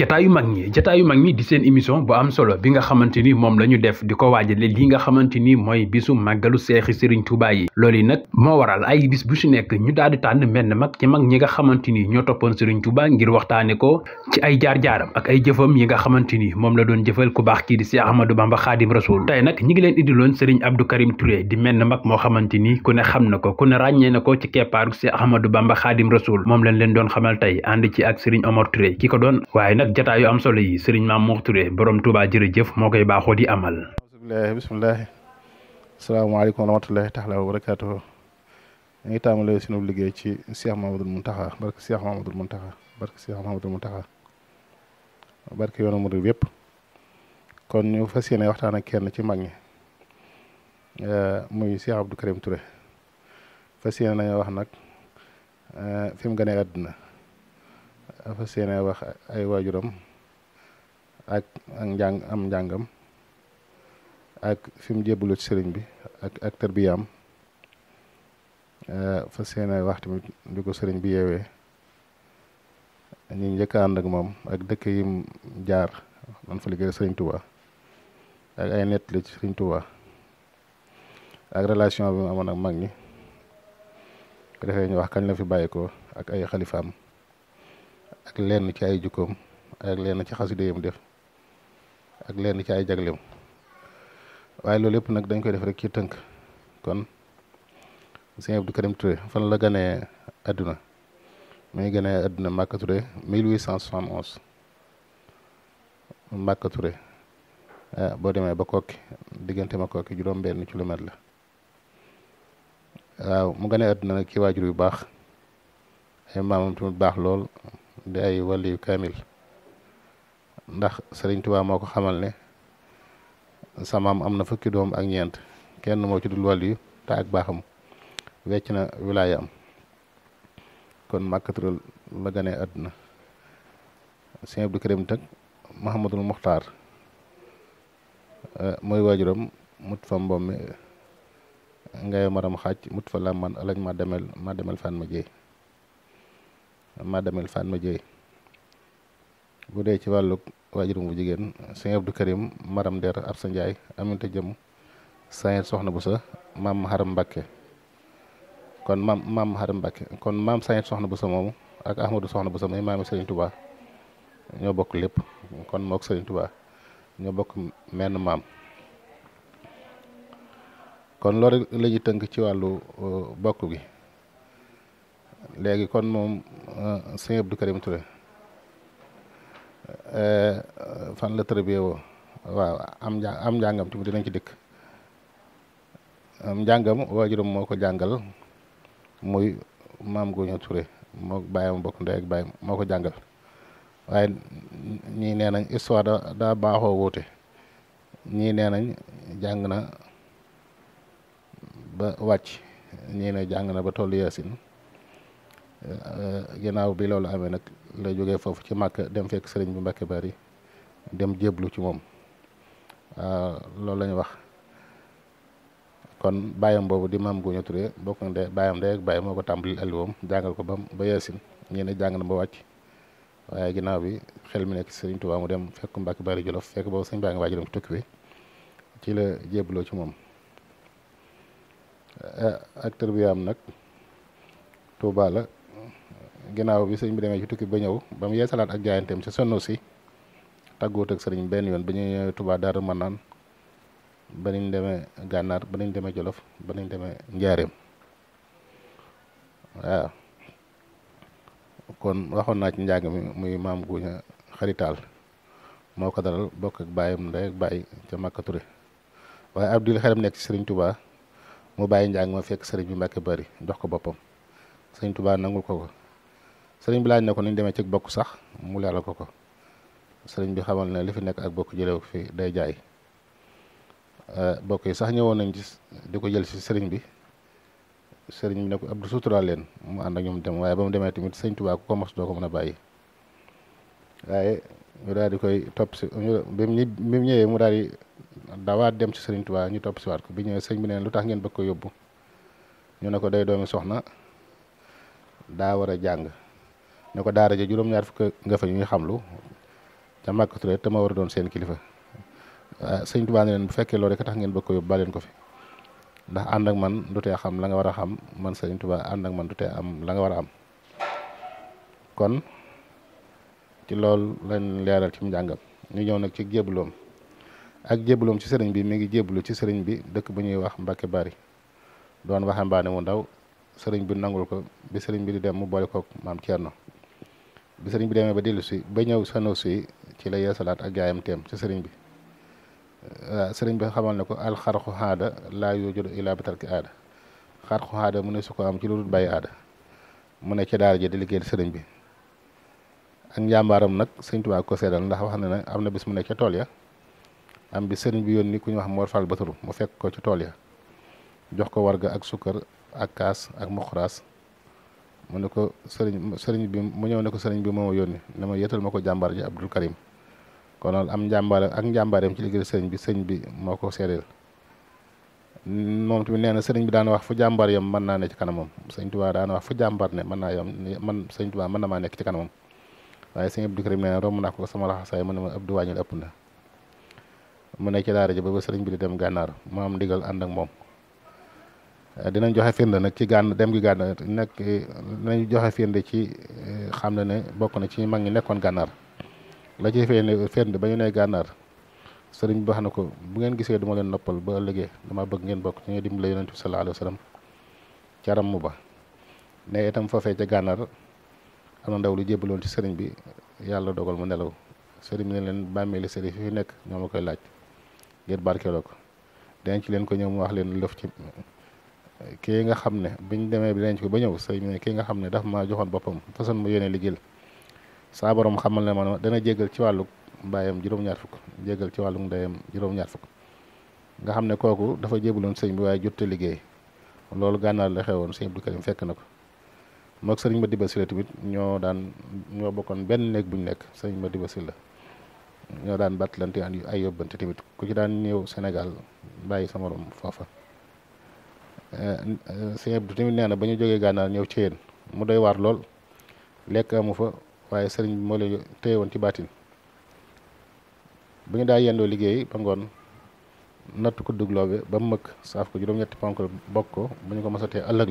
jataayu mag ñi jataayu mag ñi di seen émission bu am solo bi nga xamante ni moom la ñu def di ko waajale li nga xamante ni mooy bisu màggalu seexi sëriñ Tuubaa yi loolu yi nag moo waral ay bis bu si nekk ñu daal di tànn benn mag ci mag ñi nga xamante ni ñoo toppoon sëriñ Tuubaa ngir waxtaane ko ay jaar-jaaram ak ay jëfam yi nga xamante ni moom la doon jëfal ku baax kii di ba Ahmadou Bamba Xaadim Rasuul tey nag ñi ngi leen indiloon sëriñ Abdou Karim Touré di menn mag moo xamante ni ku ne xam na ko ku ne ràññee na ko ci keppaaru Seex Ahmadou Bamba Xaadim Rasuul moom lañ leen doon xamal tey ànd ci ak sëriñ Omar Touré ki ko doon waaye nag jataayu am solo yi sëriñ Maam Mor Touré borom Touba jërëjëf moo koy baaxoo di amal. bisimilah asalaamaaleykum wa rahmatulahi taala wa barakaatuhu ñu ngi tàmbalee sunu liggéey ci Cheikh Mamadou Mountakha barke Cheikh Mamadou Mountakha barke Cheikh Mamadou Mountakha barke yoonu murid yëpp kon ñu fas yéene waxtaan ak kenn ci mag ñi eh, muy Cheikh Abdou Karim Touré fas yéene nañoo wax nag eh, fi mu gënee àdduna fa séenee wax ay waajuram ak ak njàng am njàngam ak fi mu ci sëriñ bi ak ak tarbiyaam eh, fa séenee wax tamit di ko sëriñ bi yeewee ñu njëkk ànd ak moom ak dëkk yim jaar man fa liggéey sëriñ Touba ak ay nettali ci sëriñ Touba ak relation bi mu amoon ak mag ñi ko defee ñu wax kañ la fi bàyyi ko ak ay xalifaam ak lenn ci ay jukkoom ak lenn ci xasida yam def ak lenn ci ay jagleem waaye loolu yëpp nag dañ koy def rek ci tënk kon du Abdou dem Touré fan la ganee àdduna muy ganee àdduna Màkka Touré 1871 Màkka Touré ah, boo demee ba kokki diggante ma kokki juróom-benn kilomètre la waaw mu ganee àdduna nag ki waajur yu baax ay maamam tamit baax lool di ay wàll yu kaamil ndax sëriñ Tuubaa moo ko xamal ne samaam am na fukki doom ak ñeent kenn moo ci dul wàll yu baaxam wecc na wilaaya am kon màkkatul la gane àdduna sëñ Abdou Karim tag Mahamadul Muxtaar eh, mooy waajuram mut fa mbomme ngay maram xaaj mut fa làmman alañ ma demel ma demel fan ma jeey madame Fatma Dieye bu dee ci wàllu waajurum bu jigéen sëñ Abdou Karim Maram Der Absa Ndiaye Aminta Jëm Sayet Soxna Busa maam Haram Mbacke kon maam maam Haram Mbacke kon maam Sayet Soxna Busa moomu ak Ahmadou Soxna Busa muy maami Serigne Touba ñoo bokk lépp kon mook Serigne Touba ñoo bokk menn maam kon loolu la tënk ci wàllu euh, bokk gi. léegi kon moom euh, sëñ Abdou Karim Touré euh, fan la tërëbee woo waaw am njà am njàngam tamit dinañ ci dikk am njàngam waajuram moo ko jàngal muy maam Guña ture moo bàyyam bokk moo ko jàngal waaye ñii nee nañ histoire da daa baaxoo wuute ñii nee nañ jàng na ba wàcc ñii ne jàng na ba tollu yaasin Euh, ginnaaw bi loolu amee nag la jóge foofu ci makk dem fekk sëriñ bi Mbàkke Bari dem jéblu ci moom euh, loolu la wax kon bàyyam boobu di maam gu ñu turee bokk na de bàyyam de ak bàyyi moo ko tàmbalil alliwoom jàngal ko ba ba yeesin ñii ne jàng na ba wàcc waaye ginnaaw bi xel mi nekk sëriñ Tuubaa mu dem fekk Mbàkke Bari Jolof fekk boo sëñ baa ngi waaj dem ci tukki bi ci la jébloo ci moom euh, ak tarbiyaam nag Tuubaa ginnaaw bi sëriñ bi demee ci tukki ba ñëw ba mu yeesalaat ak jaayanteem ci sonn si tàggoot ak sëriñ benn yoon ba ñu ñëwee Touba Daaru Manaan ba nañ demee gànnaar ba nañ demee Jolof ba nañ demee Njaareem waaw kon waxoon naa ci njàng mi muy maam guña xaritaal moo ko daral bokk ak bàyyam ndey ak bàyyi ca Màkka Touré waaye Abdul xelam nekk ci sëriñ tubaa mu bàyyi njàng ma fekk sëriñ bi Mbàkke bari jox ko boppam sëriñ Touba nangul ko sëriñ bi laaj na ko niñ demee ci bokk sax mu leeral ko ko sëriñ bi xamal na li nekk ak bokk jëlew fi day jaay euh, bokk yi sax ñëwoon nañ ci di ko jël si sëriñ bi sëriñ bi ne ko Abdou suturaal leen mu ànd ak ñoom dem waaye ba mu demee tamit sëñ Tuubaa ku ko mos doo ko mën a bàyyi waaye ñu daal di koy topp si bi mu mu ñëwee mu daal di dawaat dem ci sëriñ Tuubaa ñu topp si waat ko bi ñëwee sëñ bi neen lu tax ngeen ko yóbbu ñu ne ko day doomi soxna daa war a jàng ne ko daara ja juróom-ñaar fukk nga fa ñuy xamlu ca Màkka Touré te ma war a doon seen kilifa ah, sëñ Tuubaa ne bu fekkee lool rekk tax ngeen bëgg ko yóbbu ba leen ko fi ndax ànd ak man du tee xam la nga war a xam man sëñ Tuubaa ànd ak man du tee am la nga war a am kon ci loolu lañ leeral njàngam ñu ñëw nag ci jébaloom ak jébaloom ci sëriñ bi mi ngi jébalu ci sëriñ bi dëkk bu ñuy wax Mbàkke Bari doon waxambaane mu ndaw sëriñ bi nangul ko bi sëriñ bi di dem mu boole kook maam Thierno. bi serigne bi demé ba delu ci ba ñëw Sanusi ci la yassalat ak gayam tem ci serigne bi waaw sëriñ bi xamal nako al kharxu hada la yujudu ila batarki ada kharxu hada xarxu mu ne su ko am ci lulut dul ada aada mu ne ca daara ji di liggéeyal sëriñ bi ak njàmbaaram nak serigne Tuubaa ko sédal ndax wax na ne am bis mu ne ca tool ya am bi serigne bi yónni ku ñu wax Mor Fall Batour mu fekk ko ci tol ya jox ko warga ak sukkar ak kaas ak mukhras mu ko serigne serigne bi mu ñew ne ko bi mo yoni dama ma yetal ma ko ji Abdul Karim kon am jambar ak jambarem ci liggéey serigne bi serigne bi mako ko seedeel tu neena serigne bi daan wax fu jambar yam man na ne ci kanamam serigne Tuubaa daan wax fu jambar ne man na yam man serigne Tuubaa man na ma nek ci kanamam waye serigne Abdul Karim rom na ko sama laxasaay mu man ma Abdou wàññil ëpp na mu ne ci daara ji ba serigne bi di dem gànnaar mu am ndigal and ak mom Euh, dinañ joxe firnde nag ci gànn dem gi gànnaar nag dinañ joxe firnde ci euh, xam ne ne bokk na ci mag ñi nekkoon gànnaar la ci fee firnde ba ñu nee gànnaar sëriñ bi na ko bu ngeen gisee duma leen noppal ba ëllëgee dama bëgg ngeen bokk ci ñuy dimbale yonent bi sallallahu alayhi caram mu ba ne itam foofee ca gànnaar am na ndaw lu jébbaloon ci sëriñ bi yàlla dogal mu nelaw sëriñ bi ne leen bàmmeeli sëriñ fi nekk ñoo ma koy laaj ngir barkeeloo ko denc leen ko ñëw mu wax leen lëf ci kii nga xam ne biñ demee bi denc ko ba ñëw sëñ bi kii nga xam ne daf maa joxoon boppam façon mu yéene liggéeyal saa xamal ne man dana jéggal ci wàllu mbaayam juróom-ñaar fukk jéggal ci wàllu ndeyam juróom fukk nga xam ne kooku dafa jébaloon sëñ bi waaye jotte liggéey loolu gànnaar la xewoon sëñ Abdou Karim fekk na ko moog sëriñ Madiba Sylla tamit ñoo daan ñoo bokkoon benn néeg bu ñu nekk sëriñ Madiba Sylla ñoo daan battalante ay yóbbante tamit ku ci daan ñëw senegal bàyyi sama morom foofa sëñ euh, euh, bu tamit nee na ba ñu jógee gànnaar ñëw ci yéen mu doy waar lool lekk amu fa waaye sëriñ bi moo leen téye woon ci baatin bu ñu daa yendoo liggéey ba ngoon natt ko dugloo bi ba mu mëkk saaf ko juróom-ñetti ponk ko bu ñu ko mosatee la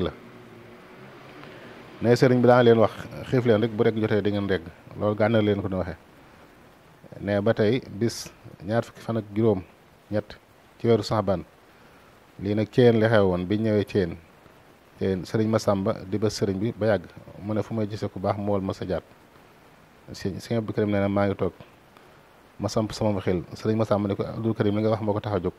ne sëriñ bi daa leen wax xiif leen rek bu rek jotee di ngeen loolu gànnaar leen ko di ba tey bis ñaar fukki juróom ñett ci weeru saxbaan lii nag ceen li woon bi ñëwee ceen sëriñ ma sàmba di ba sëriñ bi ba yàgg mu ne fu may gisee ku baax mool ma sa jaat si si Abdou Karim nee maa ngi toog ma samp sama xel sëriñ Masamba ne ko Abdou Karim li nga wax ma ko tax a jóg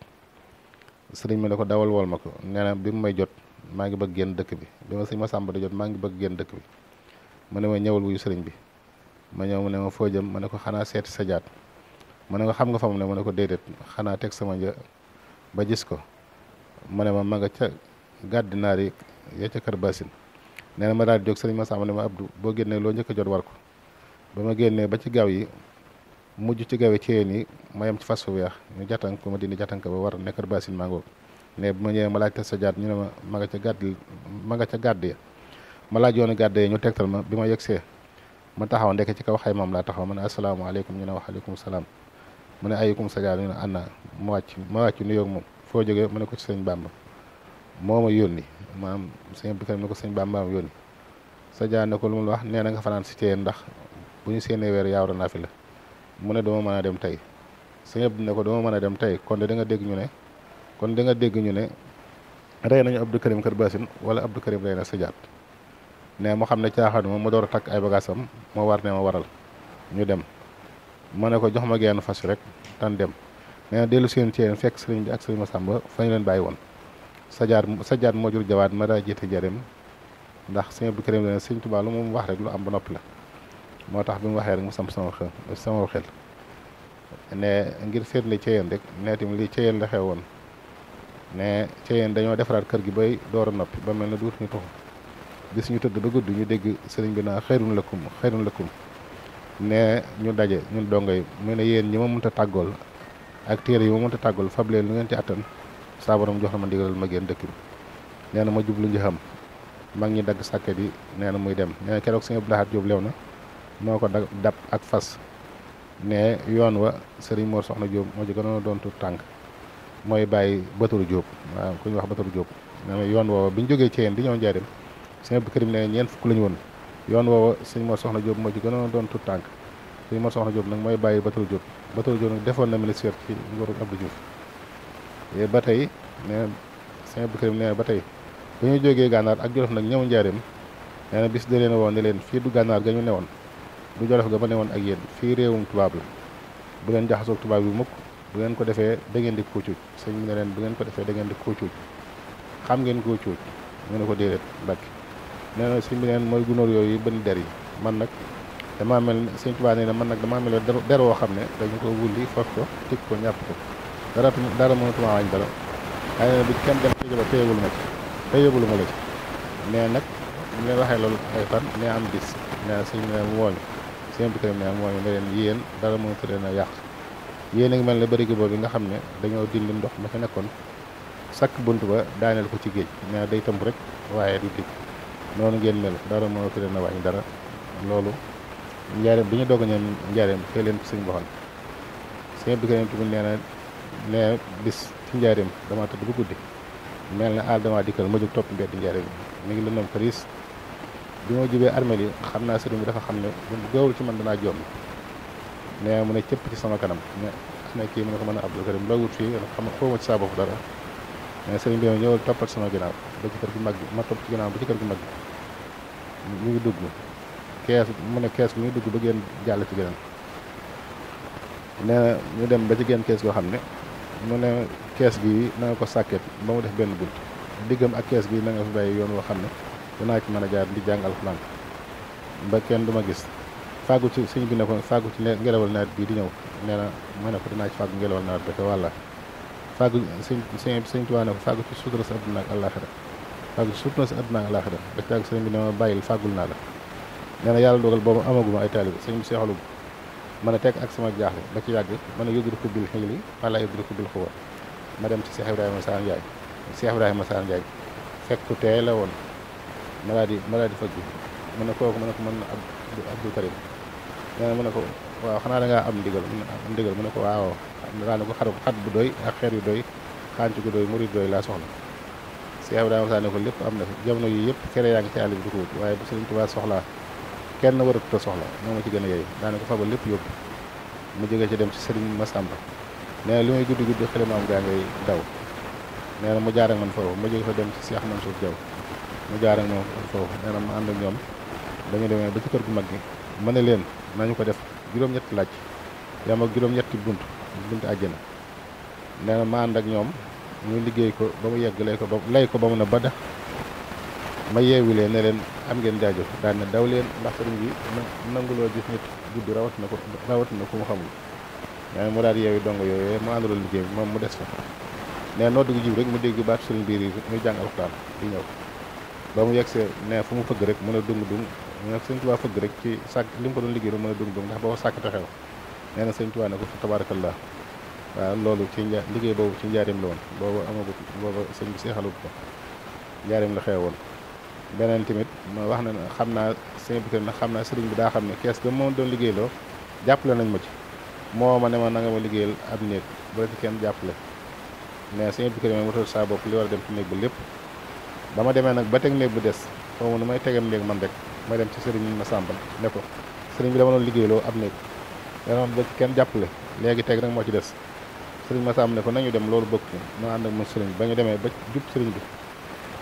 sëriñ bi ne ko dawal wool ma ko nee na bi mu may jot maa ngi bëgg génn dëkk bi bi ma sëriñ Masamba di jot maa ngi bëgg génn dëkk bi mu ne ma ñëwal wuyu sëriñ bi ma ñëw ne ma foo jëm ma ne ko xanaa seeti sajaat jaat mu ne ko xam nga fa mu ne mu ne ko déedéet xanaa teg sama një ba gis ko mane ma nga ca gàddi naar yi ya ca kër basin nee na ma daal di jóg sëriñ Massa ne ma Abdou boo génnee loo njëkk a jot war ko ba ma génnee ba ci gaw yi mujj ci gawe ceen yi ma yem ci fas fu weex ñu jàttan ko ma dindi jàttan ko ba war ne kër basin maa ngoog ne bu ma ñëwee ma laaj te sa jaat ñu ne ma ma nga ca gàdd ma nga ca gàdd ya ma laaj yoonu gàdd ya ñu tegtal ma bi ma yegsee ma taxaw ndekk ci kaw xaymaam laa taxaw ma ne asalaamaaleykum ñu ne wax aleykum salaam mu ne ayikum sa jaat ñu ne ana ma wàcc ma wàcc nuyoog moom koo jóge mu ne ko ci sëñ Bàmba moo ma yónni maam sëñ Abdou Karim ne ko sëñ baam am yónni sa jaan ne ko lu mu wax nee na nga fanaan si téye ndax bu ñu seenee weer yaawra naa fi la mu ne dama mën a dem tey sëñ Abdou ne ko dama mën a dem tey kon de da nga dégg ñu ne kon da nga dégg ñu ne rey nañu Abdou Karim Kër Basin wala Abdou Karim rey na sa jaat ne mu xam ne caaxaan ma mu door a takk ay bagaasam moo war ne ma waral ñu dem mu ne ko jox ma genn fas rek tan dem nee eh, na dellu seenu ci fekk sëriñ bi ak sëriñ Masamba fa ñu leen bàyyi woon sajaat sajaat moo jur jawaat ma daa jiite jareem ndax sëñ Abdou Karim dana sëñ Tuubaa wax rek lu am ba noppi la moo tax bi mu waxee rek mu samp sama xel sama ngir seetle ci yéen rek ne tamit lii ci yéen la xew woon ne ci yéen dañoo defaraat kër gi bay door a noppi ba mel ne duutuñu tuxu bi suñu tëdd ba gudd ñu dégg sëriñ bi naa xayrun lakum xayrun lakum ne ñu daje ñun dongo yi mu ne yéen ñi ma mënta tàggool ak téré yi ma mënta tagul fablé lu ngeen ci atal sa borom jox na ma digal ma gën dëkk bi nee ma jublu ñu xam ma ngi dag yi bi néna muy dem néna kérok keroog sëñ Abdou lewna moko lew dab ak fas né yoon wa sëriñ Mor Soxna Jóob mo ci gënoon doon tuut tank moy bay batul Jóob waaw ku ñu wax batul Jóob néna yoon wa biñu joggé ci yeen di ñoo jaarim sëñ Abdou né ne fukk lañu won yoon wa sëñ Mor Soxna Jóob mo ci doon tuut tank sëñ Mor Soxna Jóob nak moy bay batul Jóob bateau jooju defoon na ministère ci nguuru Abdou Diouf ba tey nee na Karim nee na ba tey ba ñu jógee gànnaar ak jolof nag ñëw njaareem nee na bis da leen woon ne leen fii du gànnaar gañu ne woon du jolof ga ne woon ak yéen fii réewum tubaab la bu leen jaxasoog tubaab yu mukk bu ngeen ko defee da ngeen di kuucuuj sëñ bi ne leen bu ngeen ko defee da ngeen di kuucuuj xam ngeen kuucuuj ñu ne ko déedéet mbàkk nee na sëñ bi ne mooy gunóor yooyu bënn der yi man nag damaa mel ne Sëñ Tuubaa nee na man nag damaa mel ne der woo xam ne dañu ko wulli foog ko tëj ko ñàpp ko dara dara mënatuma dara moo nee na bu kenn dem tëj ba téyewul ma ci téyewul ma la ci mais nag ñu leen waxee ay fan ne am bis nee sëñ bi nee mooñu sëñ bi këram nee mooñu ne leen yéen dara mënatu a yàq yéen a mel ne bërigo boobu nga xam ne dañoo dindi ndox ma fa nekkoon sakk bunt ba daaneel ko ci géej nee day tëmb rek waaye du tëj noonu ngeen mel dara mënatu leen a wàññi dara loolu njaareem bi ñu doog a ñëw njaareem fee leen ko sëñ waxoon sëñ bi keneen nee na nee bis ci njaarim dama tëdd bu guddi mel na aal dama dikkal ma jóg topp mbedd njaareem mi ngi lëndëm këriis bi ma jubee armeel xam naa sëriñ bi dafa xam ne bu gawul ci man danaa joom nee mu ne cëpp ci sama kanam ne ana kii mu ne ko mën a Abdou Karim loo wut fii xam xaw ma ci saa bopp dara mais sëriñ bi ñëwal toppal sama ginnaaw ba ci kër gi mag bi ma topp ci ginnaaw ba ci kër gi mag ngi dugg kees mu ne kees gu ñu dugg ba génn jàll ci geneen nee na ñu dem ba ci genn kees goo xam ne mu ne kees gi na ko sàkket ba mu def benn bunt diggam ak kees gi na nga fi bàyyi yoon woo xam ne danaa ci mën a jaar di jàngal alxuraan ba kenn du ma gis fàggu ci sëñ bi ne ko fàggu ci ngelawal nawet bii di ñëw nee na ma ne ko dinaa ci fàggu ngelawal nawet bi te wàlla fàggu sëñ sëñ sëñ Tuubaa ne ko fàggu ci sutura sa adduna ak àllaaxira fàggu ci sutura sa adduna ak àllaaxira ba ci fàggul naa la nee yàlla dogal boobu amaguma ay taalibe sëñ bi seexalu ma ne tekk ak sama jaaxle ba ci yàgg ma ne yudriku bil xiili ma laa yudriku bil xuwa ma dem ci Cheikh Ibrahima Sarr Ndiaye Cheikh Ibrahima Sarr Ndiaye fekk ku la woon maladie maladie faj bi mu ne kooku mu ne ko mën na Abdou Karim ma na mu ne ko waaw xanaa da am ndigal am ndigal mu ne ko waaw daa ne ko xar xat bu doy ak xeer yu doy xànc gu doy murid doy laa soxla Cheikh Ibrahima Sarr ne ko lépp am na fi jamono yi yëpp kere ci àll bi du waaye bu Sëriñ Tuubaa soxlaa kenn waratu te soxla moo ma ci gën a yey daana ko fabal lépp yóbbu mu jógee ci dem ci sëriñ ma nee na li may guddi guddi xële maam gaa ngay daw nee na mu jaar man foofu ma jóge fa dem ci Seex Mansuur Jaw mu jaar ak moom foofu nee na ma ànd ak ñoom ba ñu demee ba ci kër gu mag gi ma ne leen nañu ko def juróom-ñetti laaj yam ak juróom-ñetti bunt bunt àjjana nee na ma ànd ak ñoom ñu liggéey ko ba mu yegg lay ko ba lay ko ba mu ne ba dex ma yeewi leen am ngeen jaajëf daan na daw leen ndax yi bi nanguloo gis nit guddi rawat na ko rawat na ku mu xamul nee na mu daal yeewi dong yooyu mu àndaloon liggéey bi moom mu des fa nee noo dugg jib rek mu dégg baatu sëriñ biir yi muy jàng alxuraan di ñëw ba mu yegsee fu mu fëgg rek mën a dung dung nag sëñ Tuubaa fëgg rek ci sàkk li mu ko doon liggéey mën a dung dung ndax booba sàkk taxew nee na sëñ Tuubaa ne ko waaw loolu ci liggéey boobu ci njaarim la woon boobu amagut booba sëñ bi seexalut ko njaarim la woon beneen tamit mooy wax na xam naa sëñ bi tamit xam naa sëriñ bi daa xam ne kees ga moom doon liggéeyloo jàppale nañ ma ci moo ma ne ma na nga ma liggéeyal ab néeg bu la ci kenn jàppale mais sëñ bi tamit ma saa bopp li war dem ci néeg lépp ba ma demee nag ba teg bu des xaw ma nu may tegam néeg man rek may dem ci sëriñ ma sàmbal ne ko sëriñ bi dama doon liggéeyloo ab néeg dana ma ci kenn jàppale léegi teg nag moo ci des sëriñ ma sàmb ne ko nañu dem loolu bëgg ma ànd ak moom sëriñ ba ñu demee ba jub sëriñ bi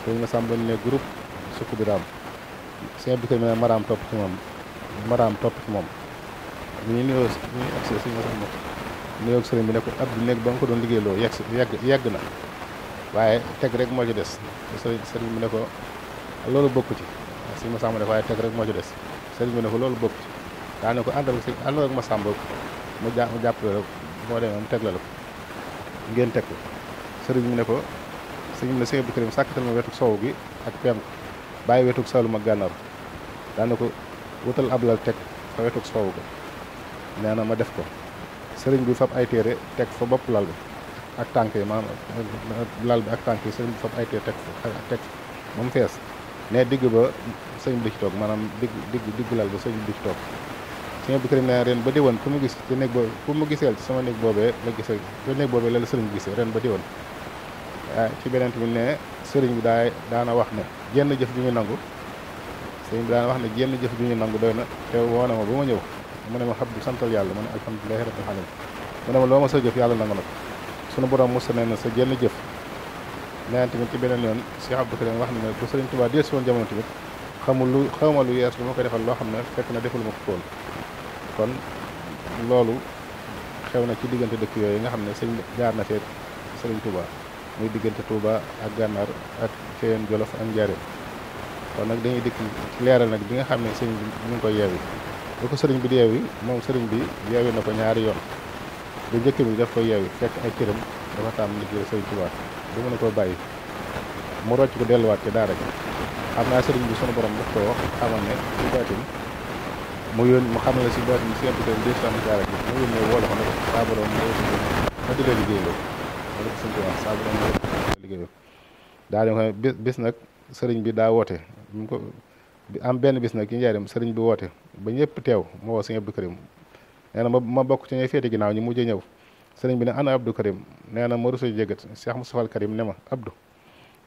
sëriñ ma sàmb ne groupe sukk biraam sëñ Abdou Karim ne maraam topp ci moom maraam topp ci moom ñu ngi nuyoo ñu ngi agsi sëñ Moussa nuyoo ak sëriñ bi ne ko Abdou nekk ba nga ko doon liggéeyloo yegg yegg yegg na waaye teg rek moo ci des sëriñ sëriñ bi ne ko loolu bokku ci sëñ Moussa mu ne ko waaye teg rek moo ci des sëriñ bi ne ko loolu bokku ci daa ne ko àndal si àndal ak Moussa Mbokk mu ja mu jàppale la boo demee mu teg la la ko ngeen teg ko sëriñ bi ne ko sëriñ bi ne sëñ Abdou Karim sàkkatal ma wetu soow gi ak penku bàyyi wetug Saalum ma gànnaar daana ko wutal ab lal teg fa wetug soowu ko nee ma def ko sëriñ bi fab ay téere teg fa bopp lal bi ak tànk yi maanaam lal bi ak tànk yi sëriñ bi fab ay téere teg fa teg ba mu fees ne digg ba sëriñ bi di ci toog maanaam digg digg digg lal ba sëriñ bi di ci toog sëriñ bi kërim nee ren ba diwoon ku mu gis ci néeg boobu ku mu giseel ci sama néeg boobee la gisee ci néeg boobee la la sëriñ bi gisee ren ba di diwoon ci beneen tamit ne sëriñ bi daa daana wax ne jenn jëf ju ñu nangu sëriñ bi wax ne jenn jëf ju ñu nangu doy na te woo na ma ba ma ñëw mu ne ma xam du santal yàlla mu ne alhamdulilahi rabbil alamin mu ne ma loo ma sa jëf yàlla nangu na ko sunu borom mos nee na sa jenn jëf neen tamit ci beneen yoon Cheikh Abdou wax na ne bu sëriñ Tuubaa dee si woon jamono tamit xamul lu ma lu yees lu ma koy defal loo xam ne fekk na deful ma ko koon kon loolu xew na ci diggante dëkk yooyu nga xam ne sëñ jaar na fee sëriñ Tuubaa muy diggante tuuba ak Gànnaar ak Feyeen Jolof ak Njaaréem kon nag dañuy dikk ci leeral nag bi nga xam ne sëriñ bi mu ko koy yeewi bu ko sëriñ bi di yeewi moom sëriñ bi yeewi na ko ñaari yoon bu njëkk bi daf ko yeewi fekk ay këram dafa tàmm liggéey sëriñ Touba bu mën a koo bàyyi mu rocc ko delluwaat ci daara ji xam naa sëriñ bi sunu borom daf ko wax xamal ne ci baatin mu yónni mu xamal ne si baatin si ëpp tey des na ji mu yónnee woo la ko ne ko saa borom mu yónni ma di rek sëñ Tuubaa saa borom daa dem xam bis bis nag sëriñ bi daa woote mu ko am benn bis nag ci njaareem sëriñ bi woote ba ñëpp teew moo woo sëñ Abdou Karim nee na ma ma bokk ci ñooy féete ginnaaw ñu mujjee ñëw sëriñ bi ne ana Abdou Karim nee na ma rusa jégat Cheikh Moustapha Karim ne ma Abdou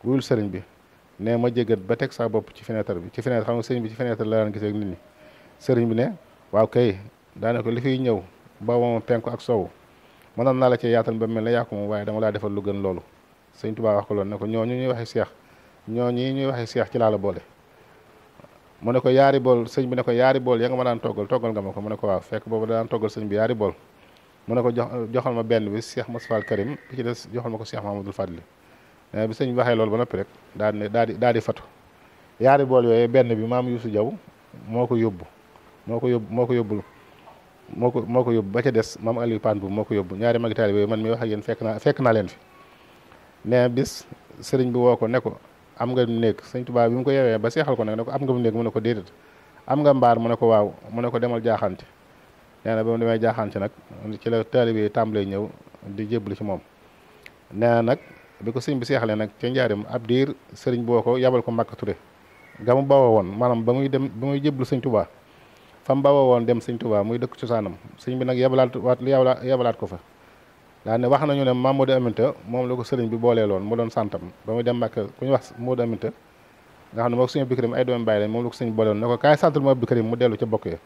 wuyul sëriñ bi ne ma jégat ba teg saa bopp ci fenêtre bi ci fenêtre xam sëriñ bi ci fenêtre la daan gisee nit ñi sëriñ bi ne waaw kay daane ko li fiy ñëw ba moom penku ak sowu mënoon naa la cee yaatal ba mel ne yaa ko moom waaye dama laa defal lu gën loolu sëñ Tuubaa wax ko loolu ne ko ñooñu ñuy waxee seex ñooñi ñuy waxe seex ci laa la boole mu ne ko yaari bool sëñ bi ne ko yaari bool ya nga ma daan toggal toggal nga ma ko mu ne ko waaw fekk boobu daan toggal sëñ bi bool mu ne ko jox joxal ma benn bi Cheikh Moustapha Karim bi ci des joxal ma ko Cheikh Mahamadul Fadli eh, bi sëñ bi waxee loolu ba noppi rek daa di daa di daa yaari bool yooyu benn bi maam Youssou jaw moo ko yóbbu moo ko yóbbu moo ko yóbbul moo ko moo ko yóbbu ba ca des maam Aliou Paan bu moo ko yóbbu ñaari magi taalibe yooyu man mi wax ak yéen fekk naa fekk naa leen fi ne bis sëriñ bi woo ko ne ko am nga néeg sëñ Tuubaa bi mu ko yeewee ba seexal ko nag ne ko am nga néeg mu ne ko déedéet am nga mbaar mu ne ko waaw mu ne ko demal jaaxante nee na ba mu demee jaaxante nag ci la taalibe yi tàmbalee ñëw di jébbalu ci moom nee nag bi ko sëñ bi seexalee nag ca njaarim ab diir sëriñ boo ko yabal ko Mbàkke Ture gamu mu bawoo woon maanaam ba muy dem ba muy jébbalu sëñ Tuubaa fam bawoo woon dem sëñ Touba muy dëkk cosaanam sëñ bi nag yebalaat waat yebalaat ko fa daa ne wax nañu ne maam Modou Aminta moom la ko sëriñ bi booleeloon loon mu doon santam ba muy dem Màkka ku ñu wax Modou Aminta nga xam ne moo ko sëñ Abdou Karim ay doom bàyyi leen moom ko sëñ boolee loon ne ko kaay santal ma Abdou Karim mu dellu ca bokk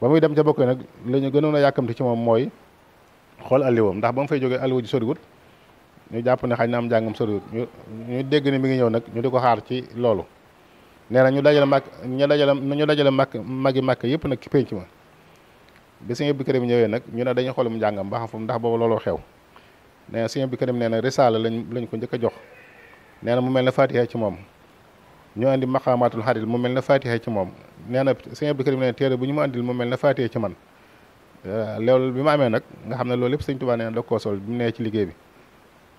ba muy dem ca bokk nag la ñu gënoon a yàkkamti ci moom mooy xool alliwoom ndax ba mu fay jógee alliwo ji soriwut ñu jàpp ne xañ na am njàngam soriwut ñu dégg ne mi ngi ñëw nag ñu di ko xaar ci loolu nee na ñu dajale màkk ñu dajale ñu dajale màkk magi màkk yëpp nag ci pénc ma bi sëñ bi kërim ñëwee nag ñu ne dañu xool mu njàngam ba xam ndax boobu looloo xew nee na sëñ bi kërim nee na risaala lañ lañ ko njëkk a nee na mu mel ne fatiha ci moom ñu andi maqaamaatul xarit mu mel ne fatiha ci moom nee na sëñ bi kërim nee na bu ñu ma andil mu mel na fatiha ci man eh, loolu bi mu amee nag nga xam ne loolu lépp sëñ Tuubaa nee na koo sol bi mu nee ci liggéey bi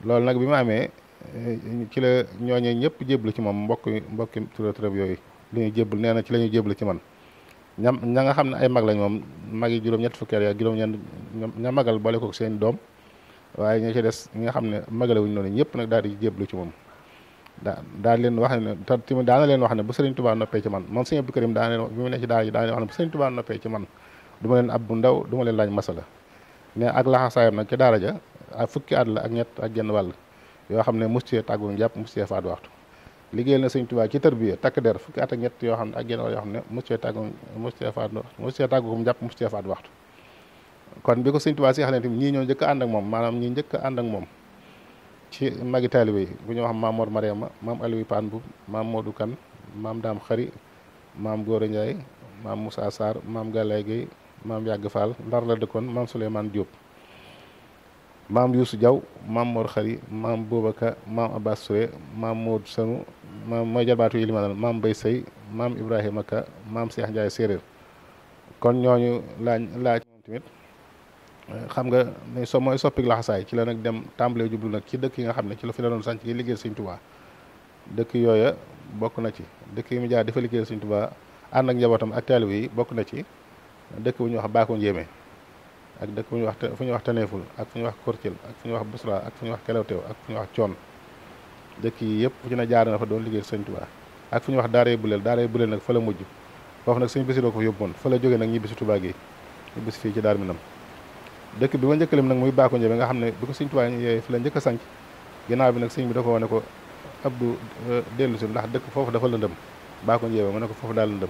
loolu nag bi mu amee Eh, ci la ñooñu ñëpp jéblu ci moom mbokk mbokki turéturab yooyu li ñuy jéblu nee na ci lañuy ñu ci man ñam ña nga xam ne ay mag lañ moom mag yi juróom ñett fukki at ak juróom-ñeent ña magal boole ko seen doom waaye ñoo ci des nga xam ne magale wuñ noonu ñëpp nag daal di jéblu ci moom daa daal leen wax ne te tamit leen wax ne bu Serigne Touba noppee ci man moom Serigne Abdou Karim daana leen bi mu ne ci daal ji daana leen leen ab bu ndaw du ma leen laaj masala ne ak laxasaayam nag ci daara ja fukki at la ak ñett ak genn wàll yoo xam ne mustiyee tàggu njàpp mustiyee faat waxtu liggéeyal na sëñ Tuubaa ci tërbiya takk der fukki at ak ñett yoo xam ne ak genn wàll yoo xam ne mustiyee tàggu mustiyee faat mustiyee tàggu ko njàpp mustiyee faat waxtu kon bi ko sëñ Tuubaa si xale ñii ñoo njëkk a ànd ak moom maanaam ñii a moom ci magi taalibe bu ñu wax maam Mor Mariama maam Aliou Paan bu maam Modou Kan maam Daam Xari maam Góora Ndiaye maam Moussa Sarr maam Galaye Gueye maam Yàgg Fall Ndar la dëkkoon maam Souleymane Diop maam Youssou Diaw maam Mor Khary maam Boubacar maam Abbas Touré maam Modou Sanu maam mooy jarbaatu Ilimaan maam Mbaye Seye maam Ibrahima Ka maam Cheikh Ndiaye séeréer kon ñooñu laañ laaj moom tamit eh, xam nga ne so mooy soppi laxasaay ci la nag dem tàmbalee jublu nag ci dëkk yi nga xam ne ci la fi la doon sànc yi liggéeyal Sëñ Tuubaa dëkk yooya bokk na ci dëkk yi mu jaar dafa liggéeyal Sëñ Tuubaa ànd ak njabootam ak taalibe yi bokk na ci dëkk bu ñuy wax baako Njéeme ak dëkk fu ñuy wax fu ñuy wax Taneeful ak fu ñuy wax Korcil ak fu ñu wax Busra ak fu ñu wax Kelewtew ak fu ñuy wax Coon dëkk yi yëpp fu ci ne jaar na fa doon liggéey Sëñ Tuubaa ak fu ñu wax daaree buleel daaree buleel nag fa la mujj foofu nag sëñ Bassirou ko fa yóbboon fa la jógee nag ñibbisi Tuubaa gi ñibbisi fii ci bi Minam dëkk bi ma njëkk lim nag muy Baako Ndiobé nga xam ne bi ko Sëñ Tuubaa yooyu fi la njëkk a sanc ginnaaw bi nag sëñ bi da ko wane ko Abdou eh, dellu si ndax dëkk foofu dafa lëndëm Baako Ndiobé mu ne ko foofu daal lëndëm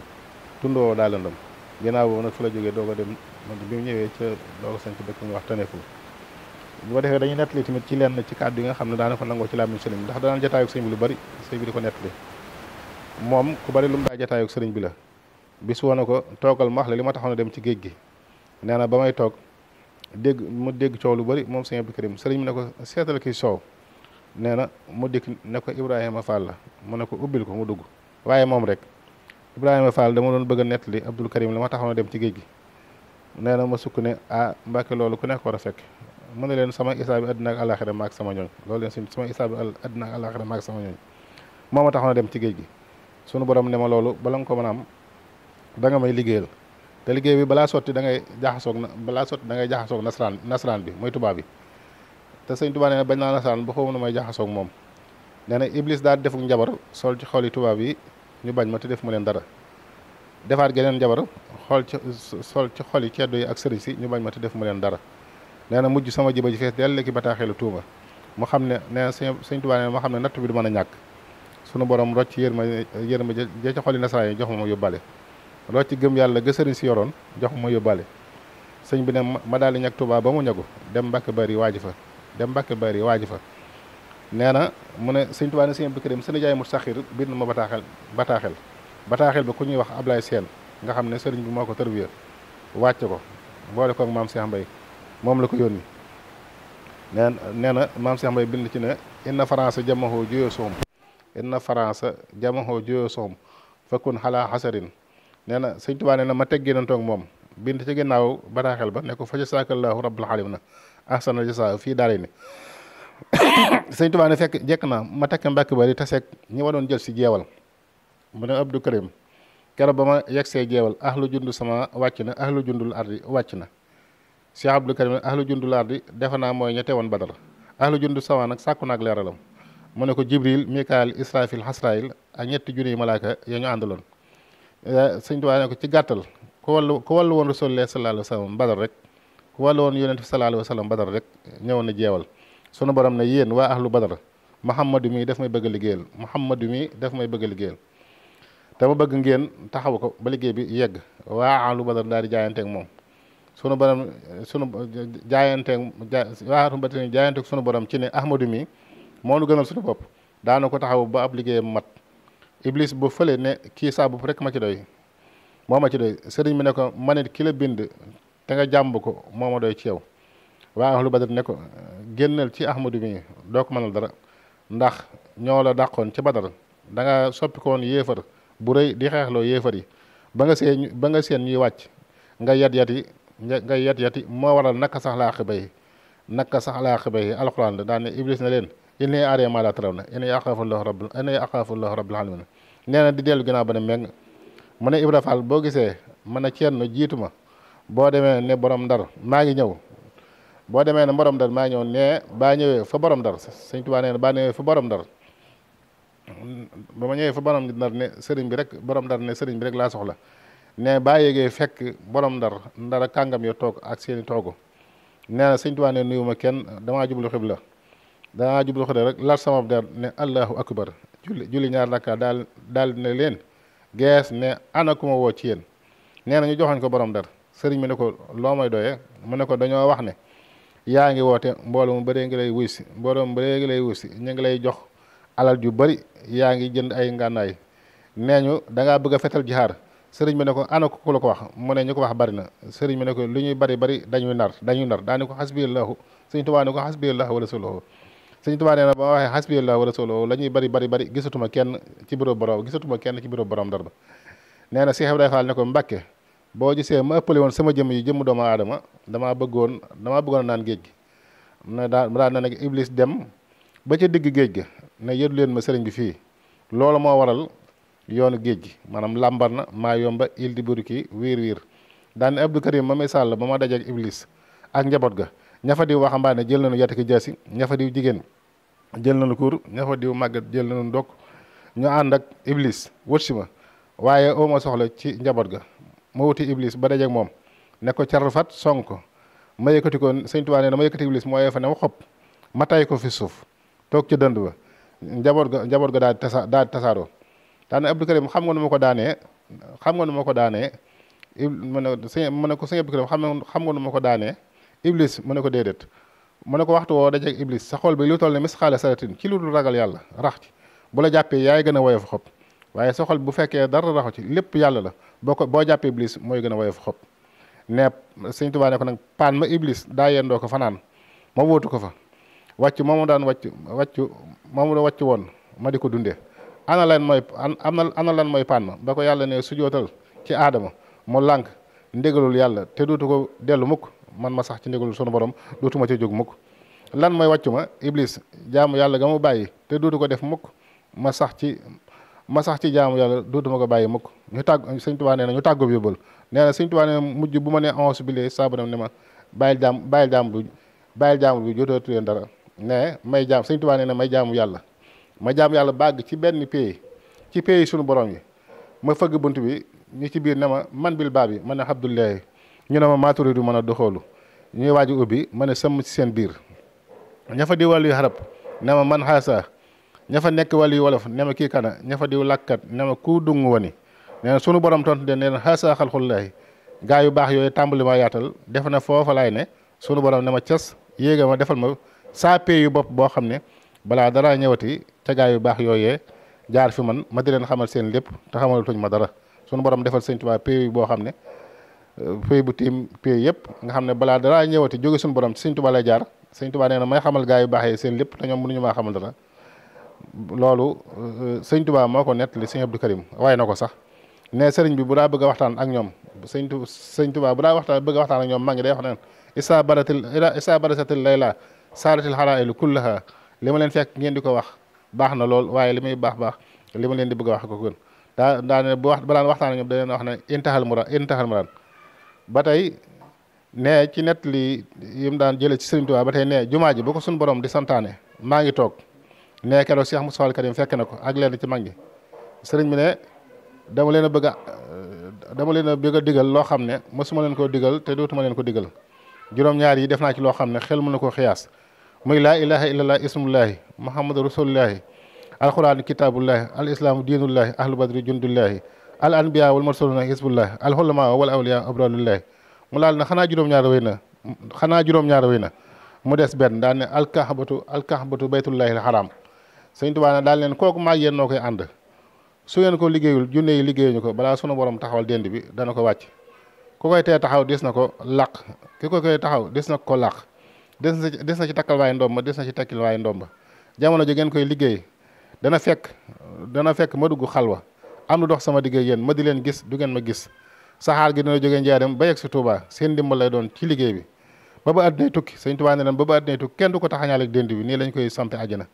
tundoo daal lëndëm ginnaaw boobu nag fa la jógee doo a dem man bi ñëwee ca doog a sanc dëkk ñu wax taneeful bu ko defee dañuy nettali tamit ci lenn ci kàddu yi nga xam ne daana ko nangoo ci làmmiñ sëriñ bi ndax danaan jataayu sëriñ bi lu bari sëriñ bi di ko nettali moom ku bari lu mu daa jataayu sëriñ bi la bis woon na ko toogal ma wax la li ma taxoon a dem ci géej gi nee na ba may toog dégg mu dégg coow lu bari moom sëriñ bi Karim sëriñ bi ne ko seetal kii soow nee na mu dikk ne ko Ibrahima Fall fàlla mu ne ko ubbil ko mu dugg waaye moom rek Ibrahima Fall dama doon bëgg a nettali Abdul Karim la ma taxoon a dem ci géej gi nee na ma sukk ne ah Mbàkke loolu ku nekk war a fekk mu ne leen sama isaa bi àddina ak àllaaxira maak sama ñooñ loolu leen suñ sama isaa bi àddina ak sama ñooñ moo ma taxoon a dem ci géej gi sunu borom ne ma loolu bala nga ko mën a am da nga may liggéeyal te liggéey bi balaa sotti da ngay jaxasoog na balaa sotti da ngay jaxasoog nasaraan nasaraan bi mooy tubaab bi te sëñ tubaab nee na bañ naa nasaraan ba xaw ma nu may jaxasoog moom nee na iblis daal defuk njabar sol ci xol yi ñu bañ ma te def ma leen dara defaat geneen jabar xool ci sol ci yi ceddo yi ak sëriñ si ñu bañ ma te def ma leen dara nee na mujj sama jiba ji fees dell ki bataaxeelu tuuma mu xam ne nee na sëñ Tuubaa nee ma xam ne natt bi du mën a ñàkk sunu borom rocc yër ma yër ma ja ca xoli nasaraan yi jox ma ma yóbbale rocc gëm yàlla ga sëriñ si yoroon jox ma ma yóbbale sëñ bi ne ma daal di ñag Tuubaa ba mu ñagu dem Mbàkke Bari waaji fa dem Mbàkke Bari waaji fa nee na mu ne sëñ Tuubaa ne sëñ Abdou Karim sëñ Jaay mu saxir bind ma bataaxel bataaxel bataaxel bi ku ñuy wax Ablaye Seen nga xam ne sëriñ bi moo ko tërbiya wàcce ko boole ko ak maam Cheikh Mbaye moom la ko yónni nee nee na maam Cheikh Mbaye bind ci ne inna faransa jamaxoo joyo soom inna faransa jamaxoo joyo soom fakkun xalaa xasarin nee na sëñ Tuubaa na ma teggee nan moom bind ci ginnaaw bataaxel ba ne ko fa jasaakallaahu rabbul aalamiina ahsanal jasaa fii daarayni sëñ Tuubaa ne fekk jekk na ma takk mbàkk ba di taseeg ñi jël si jeewal mu ne Abdou Karim keroog ba ma yegg see jeewal ahlu jundu sama wàcc na ahlu jundul ardi wàcc na Cheikh Abdou Karim jundu jundul ardi defe naa mooy ña teewoon Badar ahlu jundu sama nag sàkku naak leeralam mu ne ko Jibril Mikaayil Israfil Hasrail a ñetti junniy malaaka ya ñu àndaloon eh, sëñ Tuubaa ne ko ci gàttal ku wàllu ku wàllu woon Rasulullah sallallahu alayhi wa sallam Badar rek ku wàllu woon yonent bi sallallahu alayhi wa sallam Badar rek ñëwoon na jeewal sunu borom ne yéen waa ma ahlu ma du mi daf may bëgg ma a ma du mi daf may bëgg a liggéeyal te ma bëgg ngeen taxaw ko ba liggéey bi yegg waa ahlu badar daal di jaayanteeg moom sunu borom sunu jaayanteeg waa ahlu badar jaayanteeg sunu borom ci ne ahmadu mii moo nu gënal sunu bopp daana ko taxaw ba ab liggéeyam mat iblis boo fële ne kii saa rekk ma ci doy moo ma ci doy sëriñ bi ne ko manit ki la bind te nga jàmb ko moo ma doy ci yow waa ahlu badar ne ko génnal ci ahmadu mi doo ko mënal dara ndax ñoo la dàqoon ci badar danga nga soppi koon yéefar bu rëy di xeexloo yéefar yi ba nga seen ba nga seen ñuy wàcc nga yat yati nga yat yati moo waral naka sax laa bay naka sax laa bay alxuraan la daan ne na leen inni aaree maa laa taraw na inni axaafullah rabb inni axaafullah rabbul alamin nee na di dellu ginnaaw ba ne meng mu ne Ibra Fall boo gisee mën a ceenn jiitu ma boo demee ne borom ndar maa ngi ñëw bo demee ne borom dar ma ñëw nee ba ñëwee fa borom dar señ tuba nee ba fa borom dar bama ma fa borom dar ne sëriñ bi rek borom dar ne sëriñ bi rek la soxla ne ba yégee fekk borom dar ndara kangam yo tok ak seeni togo nee na tuba Tuubaa ne nuyu ma kenn damaa jublu xibla damaa jublu xibla rek la sama dar ne allahu akbar julli julli ñaar rakka dal dal ne leen gees ne ana kuma wo ci yeen ñu ko borom dar sëriñ mi ne ko lo may doyee mu ne ko dañoo wax ne yaa ngi woote mbooloo mu bëree ngi lay wuy si mbooloo mu bëree ngi lay wuy si ñu ngi lay jox alal ju bari yaa ngi jënd ay ngànnaay nee ñu da ngaa bëgg a fetal jihaar sëriñ bi ne ko ana ku la ko wax mu ne ñu ko wax bari na sëriñ bi ne ko lu ñuy bari bari dañuy nar dañuy nar daa ni ko xasbiyallahu sëñ tubaa ne ko xasbiyallahu wa rasuluhu sëñ tubaa nee na ba ma waxee xasbiyallahu wa rasuluhu la ñuy bari bari bari gisatuma kenn ci bureau borom gisatuma kenn ci bureau borom Ndar ba nee na Cheikh Ibrahima Fall ko Mbàkke bo gisé ma ëppalé won sama jëm yi jëm dooma adama dama bëggoon dama bëggoon naan geej gi na da na nag iblis dem ba ca digg geej gi ne yëdu leen ma sëriñ bi fii loolu moo waral yoonu géej gi maanaam làmbar na maa yomba il di buriki wiir wiir daan ne Abdou Karim ma may sàll ba ma ak iblis ak njaboot ga ñafa diw waxambaane jël nañu yataki jaasi fa diw jigéen jël nañu kuur fa diw màggat jël nañu ndokk ñu ànd ak iblis wët si ma waaye oo ma soxla ci njaboot ga ma wuti iblis ba dajeeg moom ne ko carfat song sonk ma yëkkati ko sëñ Tuubaa na ma yëkkati iblis moo yee fa ne ma xob ma tay ko fi suuf toog ci dënd ba njaboot ga njaboot ga daal di tasa daal di tasaaroo daane Abdou Karim xam nga nu ma ko daanee xam nga nu ma ko daanee mu ne sëñ mu ne ko sëñ Abdou xam nga xam nga nu ma ko daanee iblis mu ne ko déedéet mu ne ko waxtu woo dajeeg iblis sa xol bi lu toll ne misxaale saratin ci lu dul ragal yàlla rax ci bu la jàppee yaay gën a fa xob waaye sa xol bu fekkee dara raxu ci lépp yàlla la boo ko boo jàppee iblis mooy gën a woyof xob ne sëñ Tuubaa ne ko nag paan ma iblis daa doo ko fanaan ma wóotu ko fa wàcc moomu daan wàcc wàcc moomu la wàcc woon ma di ko dundee ana lan mooy am na ana lan mooy paan ma ba ko yàlla ne sujootal ci aadama mu lànk ndégalul yàlla te dootu ko dellu mukk man ma sax ci ndégalul sunu borom dootuma ci jóg mukk lan mooy wàccu ma iblis jaamu yàlla ga mu bàyyi te dootu ko def mukk ma sax ci ma sax ci jaamu yàlla dootuma ko bàyyi mukk ñu tàgg sëñ Tuubaa na ñu tàggoob yóbbal nee na sëñ Tuubaa nee na mujj bu ma ne onse bi lee saabaram ne ma bàyyil jaam bàyyil jaam bu bàyyil jaam bu jootootu leen dara ne may jaam sëñ Tuubaa na may jaamu yàlla ma jaamu yàlla bàgg ci benn pays ci pays suñu borom yi ma fëgg bunt bi ñu ci biir ne ma man bil baa bi ma ne Abdoulaye ñu ne ma maaturi du mën a doxoolu ñuy waaju ubbi ma ne sëmm ci seen biir ña fa di wàllu xarab ne ma man xaasa ña fa nekk wàllu wolof ne kii kana ña fa diw làkkat ne ma ku dung wani nee na sunu borom tontu de nee na xaasaa xalxullaahi gaa yu baax yooyu tàmbali ma yaatal def na foofa laay ne sunu borom ne ma cas yéege ma defal ma saapee yu bopp boo xam ne balaa daraa ñëwati ca gaa yu baax yooyee jaar fi man ma di leen xamal seen lépp te xamalatuñ ma dara sunu borom defal sëñ Tuubaa pay boo xam ne pay bu tiim pay yëpp nga xam ne balaa daraa ñëwati jóge sunu borom sëñ Tuubaa lay jaar sëñ Tuubaa nee na may xamal yu baax yi lépp te ñoom mënuñu maa xamal dara loolu euh, sëñ Tuubaa moo ko nettali sëñ Abdou Karim waaye na ko sax ne sëriñ bi bu daa bëgg a waxtaan ak ñoom sëñ tu sëñ Tuubaa bu daa waxtaan bëgg a waxtaan ak ñoom maa ngi day wax naan isaa baratil isaa barasatil layla saalatil xaraailu kullaha li ma leen fekk ngeen di ko wax baax na lool waaye li muy baax baax li ma leen di bëgg a wax ko gën daa daa ne bu wax waxtaan ak ñoom da leen wax ne intaxal mura intaxal muran ba tey ne ci nett li yim daan jële ci sëriñ Tuubaa ba tey ne jumaa ji ba ko suñu borom di santaane maa ngi toog nee keroog Cheikh Moussa al Karim fekk nako ak len ci mangi serigne sëriñ ne dama leen a dama leen a bëgg a digal loo xam ne mosuma leen koo digal te dootuma len ko digal juróom-ñaar yi def naa ci lo xamne xel mu nako koo muy la ilaha illallah ismullah muhammadur rasulullah alquran kitabullahi al islaamu diinullahi ahlu badri jundullahi al anbiya wal mursaluna hisbullahi al xulamaa wal awliya abralullahi mu laal na xanaa juróom-ñaar wéy na xanaa juróom-ñaar wéy na mu des benn daan ne alkaxbatu alkaxbatu baytullahi sëñ Tuubaa na daal leen kooku maag yéen noo koy ànd su ngeen ko liggéeyul junne yi liggéeyuñu ko balaa sunu borom taxawal dend bi dana ko wàcc ku koy tee taxaw des na ko làq ki ko koy taxaw des na ko làq des na ci des na ci takkal waaye ndomba des na ci takkil waaye ba jamono ji ngeen koy liggéey dana fekk dana fekk ma dugg wa am lu dox sama diggéey yéen ma di leen gis du ngeen ma gis saxaar gi dina jógee njaareem ba yegg si Touba seen ndimbal lay doon ci liggéey bi ba ba àddinay tukki sëñ Tuubaa ne leen ba ba àddinay tukki kenn du ko taxañaaleeg dend bi nii lañ koy sampe àjjana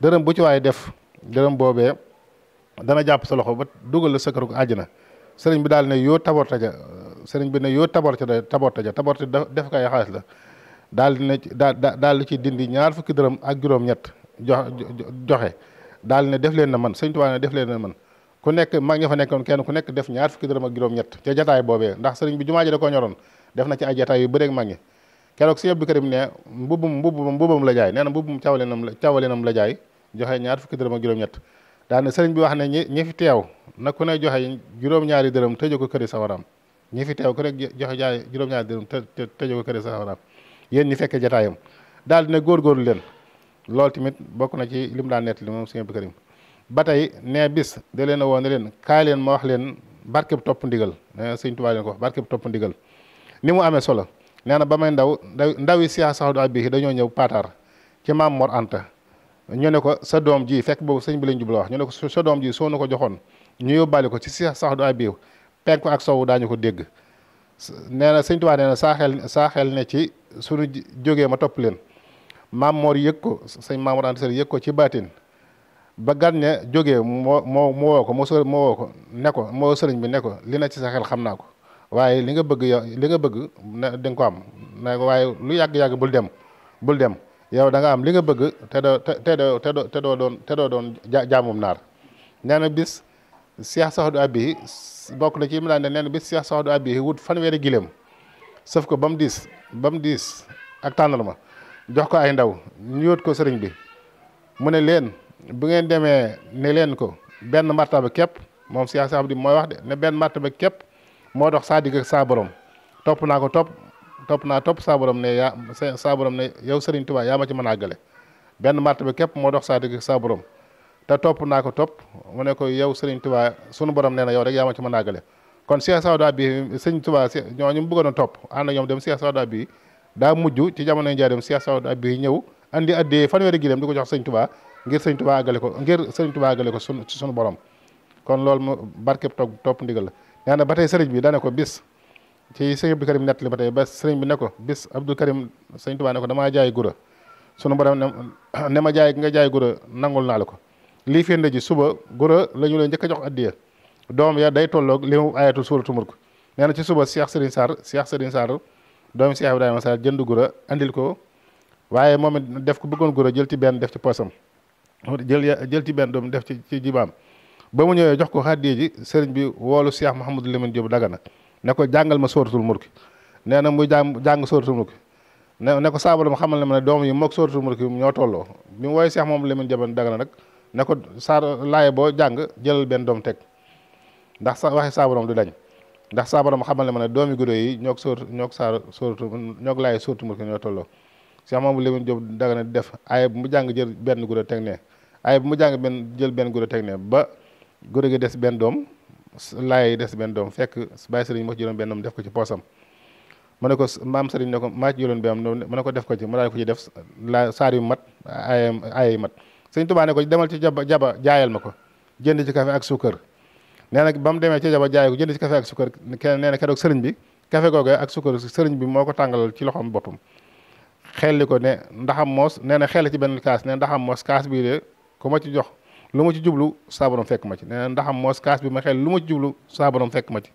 dërëm bu ci waay def dërëm boobee dana jàpp sa loxo ba dugal la sa kër gu àjjana sëriñ bi daal ne yoo taborta ja sëriñ bi ne yoo taborta ja taborta ja taborta def kay xaalis la daal di ne daal di ci dindi ñaar fukki dërëm ak juróom-ñett jox joxe daal ne def leen na man sëriñ na man ku kenn ku nekk def ñaar fukki dërëm ak juróom-ñett ca jataay boobee ndax sëriñ bi jumaa ji da koo ñoroon def na ci ay jataay yu bëreeg mag ñi keroog si Abdou Karim ne mbubum mbubum mbubum la jaay nee na mbubum cawalinam la cawalinam la jaay joxe ñaar fukki dërëm ak juróom-ñett daane sëriñ bi wax ne ñi fi teew na ku ne joxe juróom-ñaari dërëm tëjee ko këri sawaraam ñi fi teew ku ne joxe jaay juróom-ñaari dërëm tëjee ko këri sawaraam yéen ñi fekkee jataayam daal di ne góorgóorlu leen loolu tamit bokk na ci li mu daan nettali moom sëriñ bi Karim ba tey nee bis da leen a woo ne leen kaay leen ma wax leen barkeb topp ndigal sëriñ Tuubaa leen ko wax barkeb topp ndigal ni mu amee solo nee na ba may ndaw ndaw yi siyaa saxdu ab bi dañoo ñëw paataar ci maam Mor Anta ñu ne ko sa doom ji fekk boobu sëñ bi lañ jublu wax ñu ne ko sa doom ji soo ko joxoon ñu yóbbaale ko ci sax du abiw penk ak sowu daañu ko dégg nee na sëñ Tuubaa na saa xel saa ne ci suñu jógee ma topp leen maam moor yëg ko sëñ Maam Mor Anta ko ci baatin ba gan ne jógee moo moo ko moo moo ko ne ko moo sëriñ bi ne ko li na ci sa xel xam naa ko waaye li nga bëgg yow li nga bëgg na di ko am na waaye lu yàgg-yàgg bul dem bul dem yow danga am li nga bëgg te doo te doo te doo doon te doo doon jaamum naar nee na bis Cheikh Sahdou Abiy bokk na ci yi mu daan ne nee na bis Cheikh Sahdou Abiy wut fanweeri gileem sëf ko ba mu diis ba mu diis ak ma jox ko ay ndaw ñu yóot ko sëriñ bi mu ne leen bu ngeen demee ne leen ko benn martaba képp moom sa Sahdou Abiy mooy wax de ne benn martaba képp moo dox saa digg ak saa borom topp naa ko topp. topp naa topp saa borom ne yaa saa borom ne yow Serigne Touba yaa ma ci mën a àggale benn màtt bi képp moo dox saa digg saa borom te topp naa ko topp mu ne yow Serigne Touba sunu borom nee na yow rek yaa ma ci mën a àggale kon Cheikh Sawda bi Serigne Touba ñoo ñu bëggoon a topp ànd ak dem Cheikh Sawda bi daa mujj ci jamono njaa dem Cheikh Sawda bi ñëw andi addee fanweeri gileem di ko jox Serigne Touba ngir Serigne Touba ko ngir Serigne Touba àggale ko sunu sunu borom kon loolu mu barkeb toog topp ndigal la nee na ba bi dane ko bis ci sëñ Abdou Karim nettali ba tey ba sëriñ bi ne ko bis Abdou Karim sëñ Tuubaa ne ko damaa jaay gura sunu borom ne ma jaay nga jaay gura nangul naa la ko lii firnde ji suba gura la ñu leen njëkk jox addiya doom ya day tollook li mu ayatul suuratul mulk nee na ci suba Cheikh Serigne Sarr Cheikh Serigne Sarr doomi Cheikh Ibrahima Sarr jënd gura andil ko waaye moom it def ko bëggoon gura jël ci benn def ci poosam jël jël ci benn doom def ci ci jibaam ba mu ñëwee jox ko addiya ji sëriñ bi woolu Cheikh Mouhamadou Lamine Diop Dagana ne ko jàngal ma sóoratul mulki nee na muy jàng jàng sóoratul mulki ne ne ko saabala xamal ne ma ne doom yi moog sóoratul mulki ñoo tolloo bi mu woowee Seex moom li mun jaban daga na ne ko saar laaye boo jàng jëlal benn doom teg ndax sa waxi saabaram du dañ ndax saabaram xamal ne ma ne doomi guddo yi ñoog sóor ñoog saar sóoratu ñoog laaye sóoratu mulki ñoo tolloo Seex moom li mun jób daga na def aaye bu mu jàng jël benn guddo teg ne aaye mu jàng benn jël benn guddo teg ne ba guddo gi des benn doom laay des benn doom fekk bàyyi sëriñ moo ci jëloon benn doom def ko ci poosam mu ne ko maam sëriñ ne ko maa ci jëloon benn doom mu ne ko def ko ci mu daal ko ci def saar yu mat ay ay mat sëñ Tuubaa ne ko demal ci jaba jaba jaayal ma ko jënd ci kafe ak suukar nee na ba mu demee ci jaba jaay ko jënd ci café ak suukar kenn nee na keroog sëriñ bi café googu ak suukar sëriñ bi moo ko tàngalal ci loxoom boppam xelli ko ne ndaxam moos nee na ci benn kaas ne ndaxam moos kaas bii de ku ma ci jox lu ma ci jublu saa borom fekk ma ci nee ndax ndaxam moos kaas bi ma xel lu ma ci jublu saa borom fekk ma ci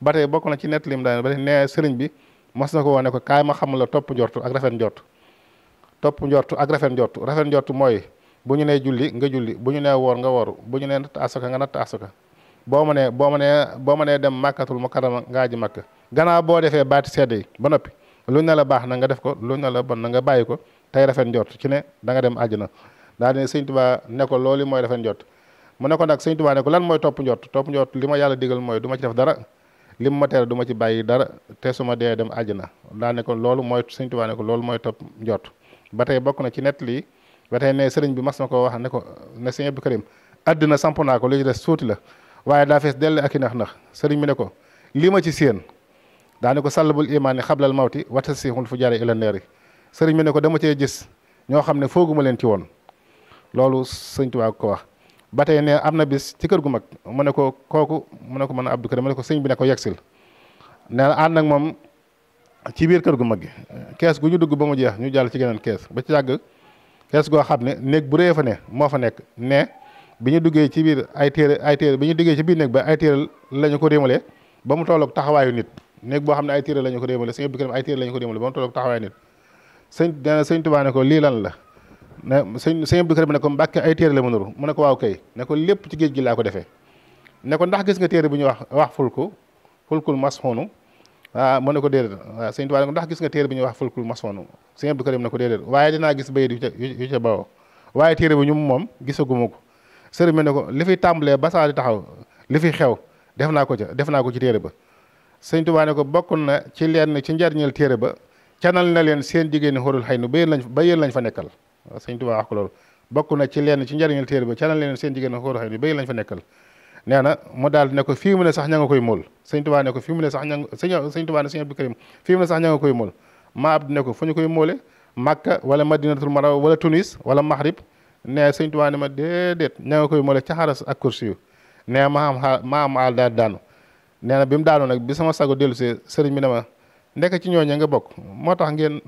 ba tey bokk na ci nett lim daan ba tey nee sëriñ bi mos na ko woo ne ko kaay ma xamula topp njortu ak rafet njortu topp njortu ak rafet njortu rafet njortu mooy bu ñu nee julli nga julli bu ñu nee woor nga woor bu ñu nee natt nga natt asaka boo ma boo ma nee boo ma nee dem màkkatul mukarrama ngaa ji màkk gannaaw boo defee baati sedd yi ba noppi luñ ne la baax na nga def ko luñ ne la bon na nga bàyyi ko tey rafet njort ci ne danga nga dem àjjana daa ne sëñ Tuubaa ne ko loolu mooy dafa njot mu ne ko nag sëñ Tuubaa ne ko lan mooy topp njot topp njot li ma yàlla digal mooy duma ci def dara lim ma tere du ci bàyyi dara te suma dee dem àjjana daa ne ko loolu mooy sëñ Tuubaa ne ko loolu mooy topp njot ba bokk na ci nett lii ba ne sëriñ bi mas na ko wax ne ko ne sëñ Abdou Karim samp naa ko li ci des suuti la waaye daa fees dell ak i nax-nax sëriñ bi ne ko lii ma ci séen daa ne ko sàllabul imaani xablal mawti wata sixul fu jare ila neeri sëriñ bi ne ko dama cee gis ñoo xam ne fooguma leen ci woon loolu sëñ Tuubaa ko wax ba tey ne am na bis ci kër gu mag mu ne ko kooku mu ne ko mën a Abdou Karim mu ne ko sëñ bi ne ko yegsil nee na ànd ak moom ci biir kër gu mag gi kees gu ñu dugg ba mu jeex ñu jàll ci geneen kees ba ci yàgg kees goo xam ne néeg bu rëy fa ne moo fa nekk ne bi ñu duggee ci biir ay téere ay téere bi ñu duggee ci biir néeg ba ay téere la ñu ko réemalee ba mu tolloog taxawaayu nit néeg boo xam ne ay téere la ñu ko réemalee sëñ Abdou Karim ay téere la ko réemalee ba mu tolloog taxawaayu nit sëñ nee na sëñ ne ko lii lan la ne sëñ sëñ Abdou Karim ne ko Mbàkke ay téere la ma nuru mu ne ko waaw kay ne ko lépp ci géej gi laa ko defee ne ko ndax gis nga téere bu ñuy wax wax fulku fulkul masxoonu ah mu ne ko déedéet waaw ah, sëñ Tuubaa ne ko ndax gis nga téere bu ñuy wax fulkul masxoonu sëñ Abdou Karim ne ko déedéet waaye dinaa gis bayit yu ca yu ca bawoo waaye téere bu ñu moom gisaguma ko sëriñ bi ne ko li fi tàmbalee ba saa di taxaw li fi xew def naa ko ca def naa ko ci téere ba sëñ Tuubaa ne ko bokk na ci lenn ci njariñal téere ba canal na leen seen jigéen ñi xóorul xëy nu ba yéen lañ ba yéen lañ fa nekkal sëñ Tuubaa wax ko loolu bokk na ci lenn ci njëriñal téere ba ca na leen seen jigéen a ko doxee ni béy lañ fa nekkal nee na mu daal ne ko fii mu ne sax ña koy mool sëñ Tuubaa ne fii mu ne sax ña sëñ Tuubaa ne sëñ Abdou Karim fii mu ne koy mool maa abdi ne ko fu ñu koy moole Makka wala Madinatul Mara wala Tunis wala Maghrib ne sëñ Tuubaa ne ma déedéet ña koy moole ca xaras ak kursi ne ma am ma am aal daal daanu nee na bi mu daanu nag bi sama sago dellu see sëriñ bi ne ma nekk ci ñooñu nga bokk moo tax ngeen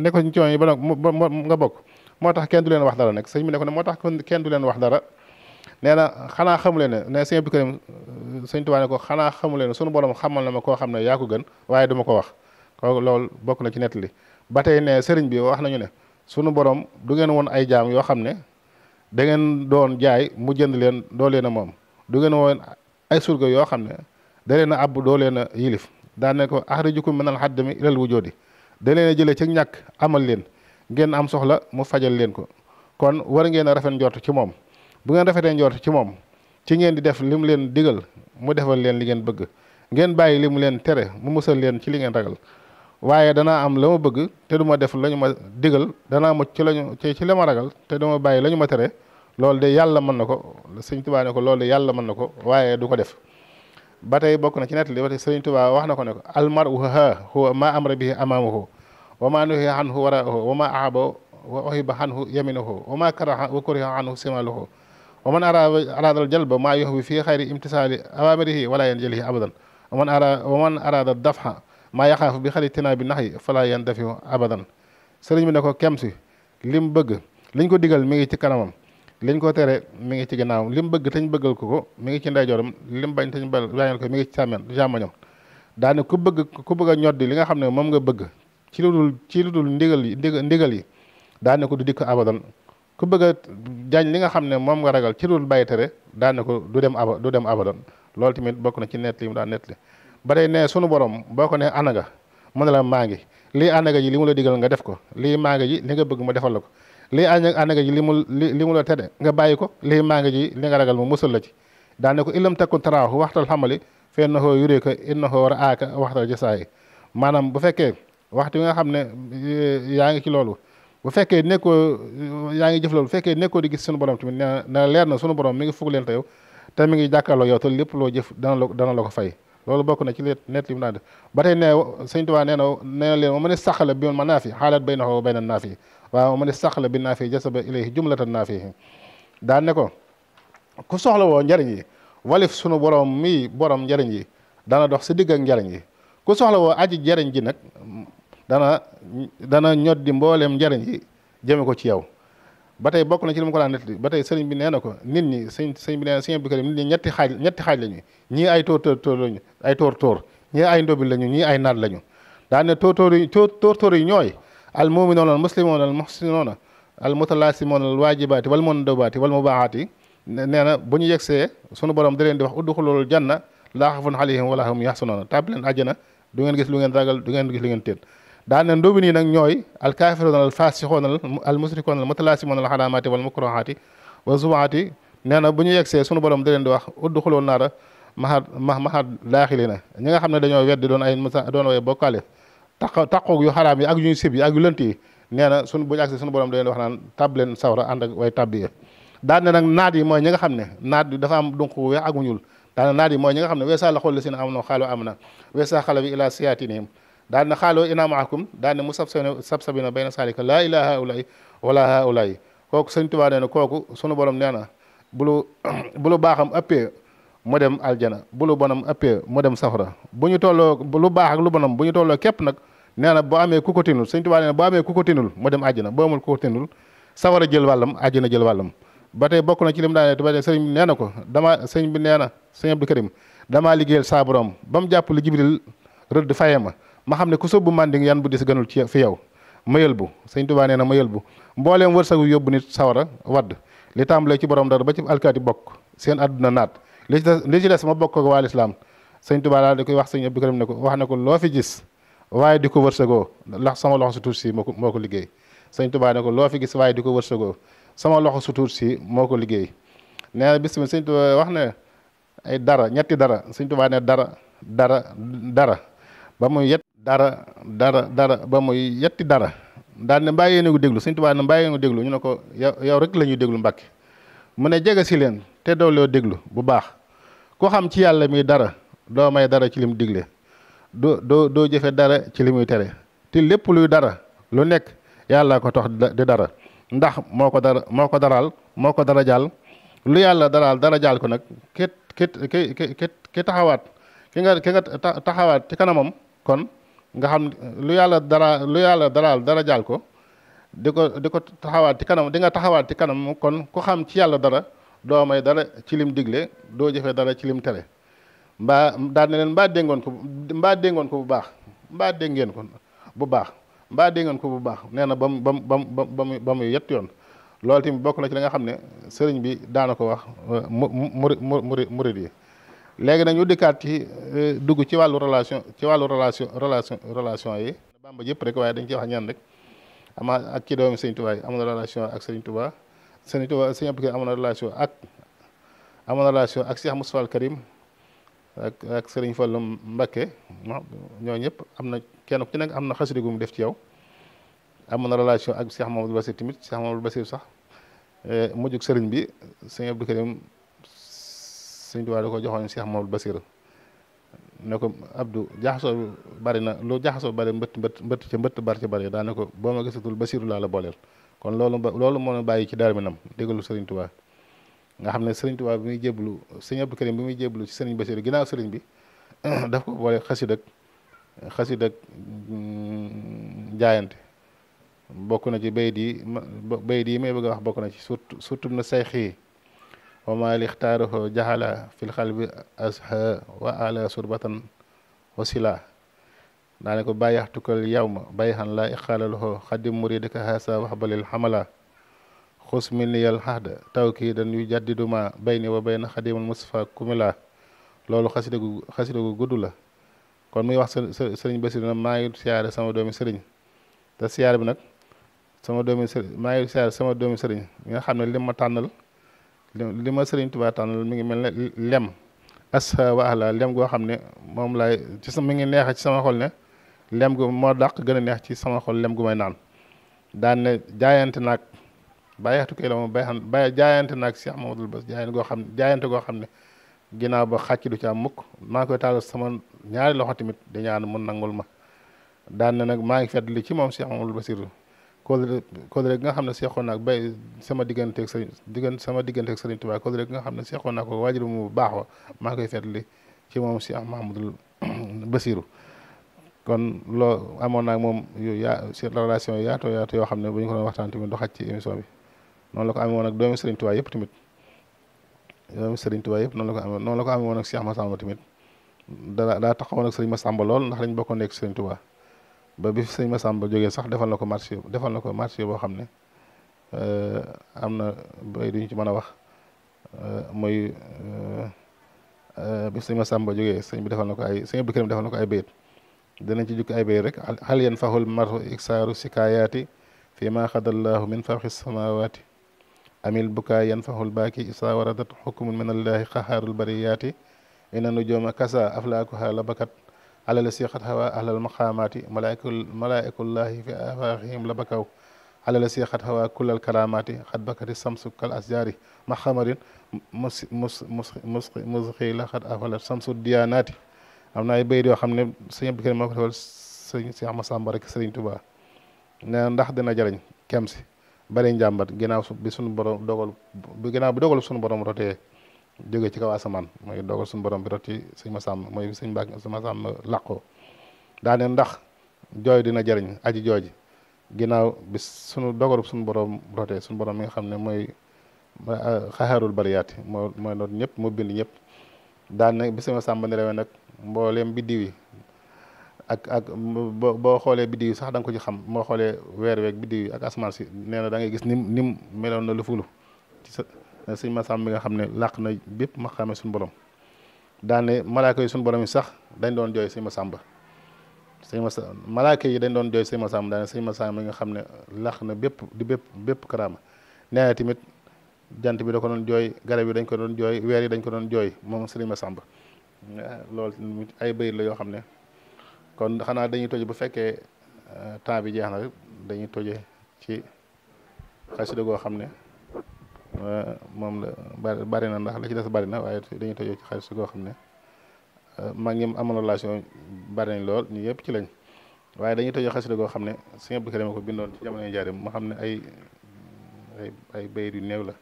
nekk ci ñooñu ba nga bokk motax ken du len wax dara nag seigne mi ne ko ne moo tax du len wax dara neena xana xanaa xamu ne seigne sëñ Abdou Karim seigne Tuubaa ne ko xana xamu sunu borom xamal na ma ko xamne ya ko gën waye duma ko wax ko lol bok na ci nettali batay ne seigne bi wax nañu ne sunu borom du ngeen won ay jaam yo xamne da ngeen doon jaay mu jënd len do leen mom du ngeen won ay surga yo xamne da leen ab do doo yilif da ne ko min al minal ila al wujudi da leen jele ci ñak amal len ngeen am soxla mu fajal leen ko kon war ngeen a rafet njort ci moom bu ngeen rafetee njort ci moom ci ngeen di def li mu leen digal mu defal leen li ngeen bëgg ngeen bàyyi li mu leen tere mu musal leen ci li ngeen ragal waaye danaa am la ma bëgg te du ma def la ñu ma digal danaa mucc ci lañu ci la ma ragal te du bàyyi la ñu ma tere loolu de yàlla mën na ko sëñ Tuubaa ne ko loolu de yàlla mën na ko waaye du ko def ba tey bokk na ci nettali ba tey sëriñ Tuubaa wax na ko ne ko almar uha huwa ma amra bihi وما نهي عنه وراءه وما أعبه وأهب عنه يمينه وما كره وكره عنه شماله ومن أراد الجلب ما يهوي في خير امتثال أوامره ولا ينجليه أبدا ومن أراد ومن أراد الدفع ما yaxaaf bi xarit tinaa bi nax yi falaa yan defi abadan sëriñ bi ne ko kem si li mu bëgg liñ ko digal mi ngi ci kanamam liñ ko tere mi ngi ci ginnaawam li mu bëgg tañ bëggal ko ko mi ngi ci ndeyjooram li mu bañ tañ bañal ko mi ngi ci sàmmen jàmmañam daane ku bëgg ku bëgg a ñoddi li nga xam ne moom nga bëgg ci lu dul ci lu dul ndigal yi ndigal yi daane ko du dikk abadan ku bëgg a jaañ li nga xam ne moom nga ragal ci lu dul bàyyi tere daane ko du dem aba du dem abadan loolu tamit bokk na ci nett li mu daan nett li ba day ne sunu borom boo ko ne ana nga mu ne la maa ngi lii anaga ji li mu la digal nga def ko lii maa ji li nga bëgg mu defal la ko lii anaga ji lii mu li mu la tere nga bàyyi ko lii maa nga ji li nga ragal mu musal la ci daane ko ilam takkun taraahu waxtal xamali fenn xoo yuree ko inna xoo war aaka waxtal jasaayi maanaam bu fekkee waxtu nga xamne ne yaa ngi ci loolu bu fekke neko yaa ngi jëf loolu fekke neko di gis sunu borom tamit na leer na sunu borom mi ngi fukk leen te yow mi ngi jakkalo yow te lépp lo jëf dana la dana la ko fay loolu bokku na ci leet net lim mu naan def ba ne seigne touba neena na leen mo ne saxala bi ma naafi xaalaat bay na xoo bay na naafi ne saxala bi nafi jasaba ilayhi jumlatan nafi da ne ko ku soxla wo njariñ yi walif sunu borom mi borom njariñ yi dana dox ci digg ak njariñ yi ku soxla wo aji njariñ ji nak dana dana ñoddi mbooleem njariñ yi jëme ko ci yow ba tey bokk na ci li mu ko daan nettali ba tey sëriñ bi nee na ko nit ñi sëñ sëñ bi nee na sëñ Abdou Karim nit ñi ñetti xaaj ñetti xaaj lañu ñii ay tóor tóor lañu ay tóor tóor ñii ay ndobil lañu ñii ay naat lañu daan ne tóor tóor yi tóor tóor yi ñooy al mu'minuuna al muslimuuna al muhsinuuna al mutalaasimuuna al waajibaati wal mundabaati wal mubaahaati nee na bu ñu yegsee sunu borom da leen di wax udxulul janna laa xafun alayhim wala hum yaxsunoona tàbbi leen àjjana du ngeen gis lu ragal du ngeen gis lu ngeen daan na ndóobi nii nag ñooy al kaafiruuna al faasixuuna al musrikuuna al mutalaasimuuna al xaraamaati wal mukruhaati wa zumaati nee na bu ñu yegsee sunu borom di leen di wax udd xuloo naara mahad ma mahad daaxili na ñi nga xam ne dañoo weddi doon ay doon way bokkaale taq taqoog yu xaraam yi ak yu ñu sib yi ak yu lënt yi nee na sunu bu ñu agsee sunu borom di leen di wax naan tab leen sawra ànd ak way tabbi ya daan na nag naat yi mooy ñi nga xam ne naat dafa am dunq weex ak ñuul daan na naat yi mooy ñi nga xam ne weesaa la xool la si ne am na xaalu am na weesaa xala bi ilaa siyaati nihim دارنا خالو إنا معكم دارنا مصاب سب سبينا بين سالك لا إله إلا الله ولا إله إلا الله كوك سنتوارد إنه كوك سنو برام نيانا بلو بلو باهم أبي مدام الجنة بلو بنام أبي مدام سفرة بني تولو بلو باهم بلو بنام بني تولو كيبنك نيانا بامي كوكوتينول سنتوارد إنه بامي كوكوتينول مدام الجنة بامي كوكوتينول سفرة جلوالم الجنة جلوالم بعد بكون كلام دارنا تبعد سنين نيانا كو دما سنين بنيانا سنين بكريم دما لجيل سابرام بام جابو لجيبيل رد فايمه ma xam ne ku sóobu manding yan bu dis gënul ci fi yow mayël bu sëñ Tuubaa nee na mayël bu mbooleem wërsëgu yóbbu nit sawara wadd li tàmbalee ci borom dara ba ci alkaati bokk seen àdduna naat li ci des li ci des ma bokk ak waa lislaam sëñ Tuubaa daal di koy wax sëñ Abdou Karim ne ko wax ne ko loo fi gis waaye di ko wërsëgoo ndax sama loxo su tuut si moo ko moo ko liggéey sëñ Tuubaa ne ko loo fi gis waaye di ko wërsëgoo sama loxo su si moo ko liggéey nee na bis mi sëñ Tuubaa wax ne ay dara ñetti dara sëñ Tuubaa dara dara dara ba muy yet dara dara dara ba muy yetti dara daal ne mbaa yéen déglu Sëñ Tuubaa ne mbaa déglu ñu ne ko yow yow rek la ñuy déglu Mbàkke mu ne jege si leen te doo loo déglu bu baax ku xam ci yàlla mi dara doo dara ci lim digle doo doo doo jëfe dara ci li muy tere te lépp luy dara lu nekk yàlla ko tax di dara ndax moo ko dara moo ko daraal moo ko dara jaal lu yàlla daraal dara jaal ko nag ki ki taxawaat ki nga taxawaat ci kanamam kon nga xam lu yàlla dara lu yàlla daraal dara jaal ko di ko di ko taxawaat ci kanam di nga taxawaat ci kanam kon ku xam ci yàlla dara doo dara ci lim digle doo jëfee dara ci lim tere mbaa daal leen mbaa déngoon ko mbaa déngoon ko bu baax mbaa déngeen ngeen ko bu baax mbaa dégg ngeen ko bu baax nee na ba mu ba mu ba mu ba mu yett yoon loolu tamit bokk na ci li nga xam ne sëriñ bi daana ko wax mu mu murid yi léegi nag ñu dikkaat ci euh, dugg ci wàllu relation ci wàllu relation relation relation yi bamba yëpp rek waaye dañ ci wax ñaan rek ama ak ci doom sëñ Tuubaa yi amoon na relation ak sëñ Tuubaa sëñ Tuubaa sëñ na relation ak amoon na ak Cheikh Moustapha Al Karim ak ak sëriñ Fallu Mbakke ñoo ñëpp am na kenn ku ci nekk am na xasida mu def ci yow am na relation ak Cheikh Mamadou Basir tamit Cheikh Mamadou Basir sax euh, mujjug sëriñ bi sëñ Sëñ Tuubaa da ko joxoon Cheikh Mamadou Basir ne ko Abdou jaxasoo bari na lu jaxasoo bari mbëtt mbëtt mbëtt mbëtt bari ca bari daa ko boo ma gisatul Basiru laa la booleel kon loolu loolu moo ñu bàyyi ci Daaru Minam déggalu Sëriñ Tuubaa nga xam ne Sëriñ Tuubaa bi muy jéblu Sëriñ Abdou Karim bi muy jéblu ci Sëriñ Basiru ginnaaw sëriñ bi daf ko boole xasid ak mm, jaayante bokk na ci bayit yi bayit yi bëgg a wax bokk na ci surtout surtout na say xii وما لاختاره جعل في القلب أزهى وأعلى سربة وسلا دانك بايعتك اليوم بيها لا إخال له خدم مريدك هذا وحبل الحملة خص مني الحد توكيدا يجدد ما بيني وبين خديم المصطفى كملا loolu xasida gu xasida gu gudd la kon muy wax sëriñ Basiru nag maa ngi siyaare sama doomi sëriñ te siyaare bi nag sama doomi sëriñ maa ngi siyaare sama doomi sëriñ mi nga xam ne li ma tànnal li ma sëriñ Tuubaa tànnal mi ngi mel ne lem asa wa ahla lem goo xam ne moom lay ci sa mi ngi neex ci sama xol ne lem gu moo dàq gën a neex ci sama lem gu may naan daan ne jaayante naag bàyyeextu koy la moom ba jaayante naag Cheikh Mamadou Bass jaayante goo xam ne jaayante goo xam ne ginnaaw ba xàcc du ci am mukk maa koy taalal sama ñaari loxo tamit di ñaan mu nangul ma daan ne nag maa ngi fedd li ci moom Cheikh Mamadou Bassirou kóllëre kóllëre gi nga xam ne seexoon naa bay sama digganteeg sëriñ diggante sama digganteeg sëriñ Tuubaa kóllëre gi nga xam ne seexoon naa ko waajur mu baax wa maa koy fetli ci moom Cheikh Mahamadul Basiru kon loo amoon naa moom yu yaa relation yu yaatoo yaatoo yoo xam ne bu ñu ko doon waxtaan tamit doxaj ci émission bi noonu la ko amee woon ak doomi sëriñ Tuubaa yëpp tamit doomi sëriñ Tuubaa yëpp noonu la ko amee noonu la ko amee woon ak Cheikh Massamba tamit daa daa taxawoon ak sëriñ Massamba lool ndax lañ bokkoon nekk sëriñ Tuubaa ba bi massam ba joge sax defal nako marché defal nako marché bo xamne euh amna bay duñ ci mëna wax euh moy euh bi massam ba joge sëñ bi defal nako ay sëñ bi kërëm defal nako ay beet dinañ ci juk ay beet rek hal yanfahul maru iksaru sikayati fima ma xadallaahu min fawqi samawati amil buka yanfahul baki isaa waradat xukmun min allaahi qahaarul bariyati ina nujuma kasa aflaakuha labakat ala la si xat hawa ahlal maqaamaati malaikul malaikullahi fi afaaxihim la bakaw ala si xat hawa kullal karaamaati xat bakati samsu kal asjaari ma xamarin mus mus mus mus xat afala samsu diyaanaati am na ay bayit yoo xam ne sëñ Abdou Karim moo ko defal sëñ ndax dina jariñ kem si bari njàmbat ginnaaw bi sunu borom dogal bi ginnaaw bi dogal sunu borom rotee jóge ci kaw asamaan mooy dogal suñu borom bi rot ci sëñ Masamba mooy sëñ Mbàkke sëñ Masamba làqoo daane ndax jooy dina jariñ aji jooji ginnaaw bis suñu dogalu suñu borom rotee suñu boroom mi nga xam ne mooy xaxaarul ah, bariyaati moo mooy noonu ñëpp moo bind ñëpp daan na bi sëñ Masamba ne rewee nag mbooleem biddiw yi ak ak boo boo xoolee biddiw sax da ko ci xam moo xoolee weer weeg biddiw yi ak asamaan si nee na da gis nim nim meloon na lu fulu siñ ma Massamba mi nga xam ne làq na bépp ma xamee suñu borom daane malaaka yi suñu borom yi sax dañ doon jooy sëñ Massamba sëñ Massamba malaaka yi dañ doon jooy sëñ Massamba daane sëñ Massamba mi nga xam ne làq na bépp di bépp bépp karaama nee na tamit jant bi da ko doon jooy garab yi dañ ko doon jooy weer yi dañ ko doon jooy moom sëñ Massamba lool ay bayit la yoo xam ne kon xanaa dañuy toje bu fekkee euh, temps bi jeex na rek dañuy toje ci xasida goo xam ne moom la bari na ndax la ci def bari na waaye dañuy tojoo ci xaalis goo xam ne euh, mag ñi amoon relation bari lool ñu yëpp ci lañ waaye dañuy tojoo xasida goo xam ne Sëriñ Abdou Karim ko bindoon ci jamono yu jaare moo xam ne ay ay ay bayit yu néew la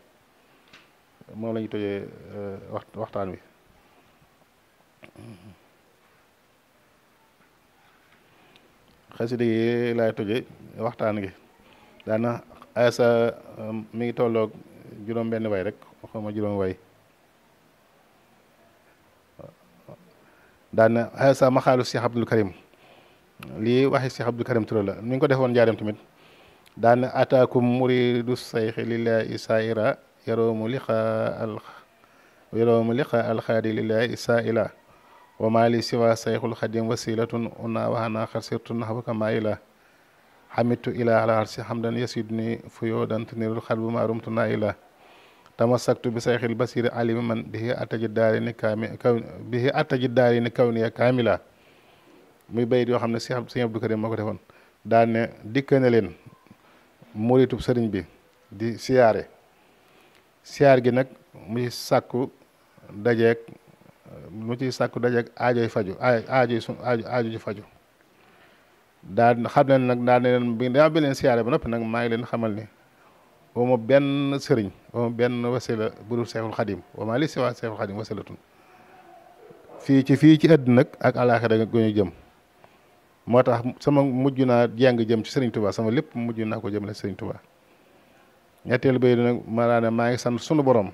moom la ñu tojee euh, waxtaan wi xasida yi laay toje waxtaan gi daana asa euh, mi ngi tolloog جروم بن بيرك خم جروم باي دان هذا ما خالو سي عبد الكريم لي واحد سي عبد الكريم ترى لا مين كده فون جارم تمت دان أتاكم مريد الصيح لله إسائرا يروم لخا الخ يروم لخا الخير لله إسائلا وما لي سوى صيح الخدم وسيلة أنا وأنا خسرت نحوك مائلة حمدت إلى على عرش حمدا يسدني فيودا تنير القلب ما رمتنا إلى تمسكت بشيخ البصير عالم من به أتجد دارين كامل به أتجد دارين كونية كاملة muy bayit yoo xam ne si sëñ Abdou Karim moo ko defoon daan ne dikk na leen muritub sëriñ bi di siyaare siyaar gi nag mu ci sàkku dajeeg mu ci sàkku dajeeg aajoy faju aajoy sun aajoy faju daa xam leen nag daa ne leen bi daa bi leen siyaare ba noppi nag maa ngi leen xamal ne oma benn sëriñ oma benn wasila bu dul seexul xadim wama li siwa seexul xadim wasilatun fii ci fii ci àddina nag ak alaaxira gu ñu jëm moo tax sama mujj naa jàng jëm ci sëriñ Tuubaa sama lépp mujj naa ko jëmale sëriñ Tuubaa ñetteelu bay nag ma daa ne maa ngi sant sunu borom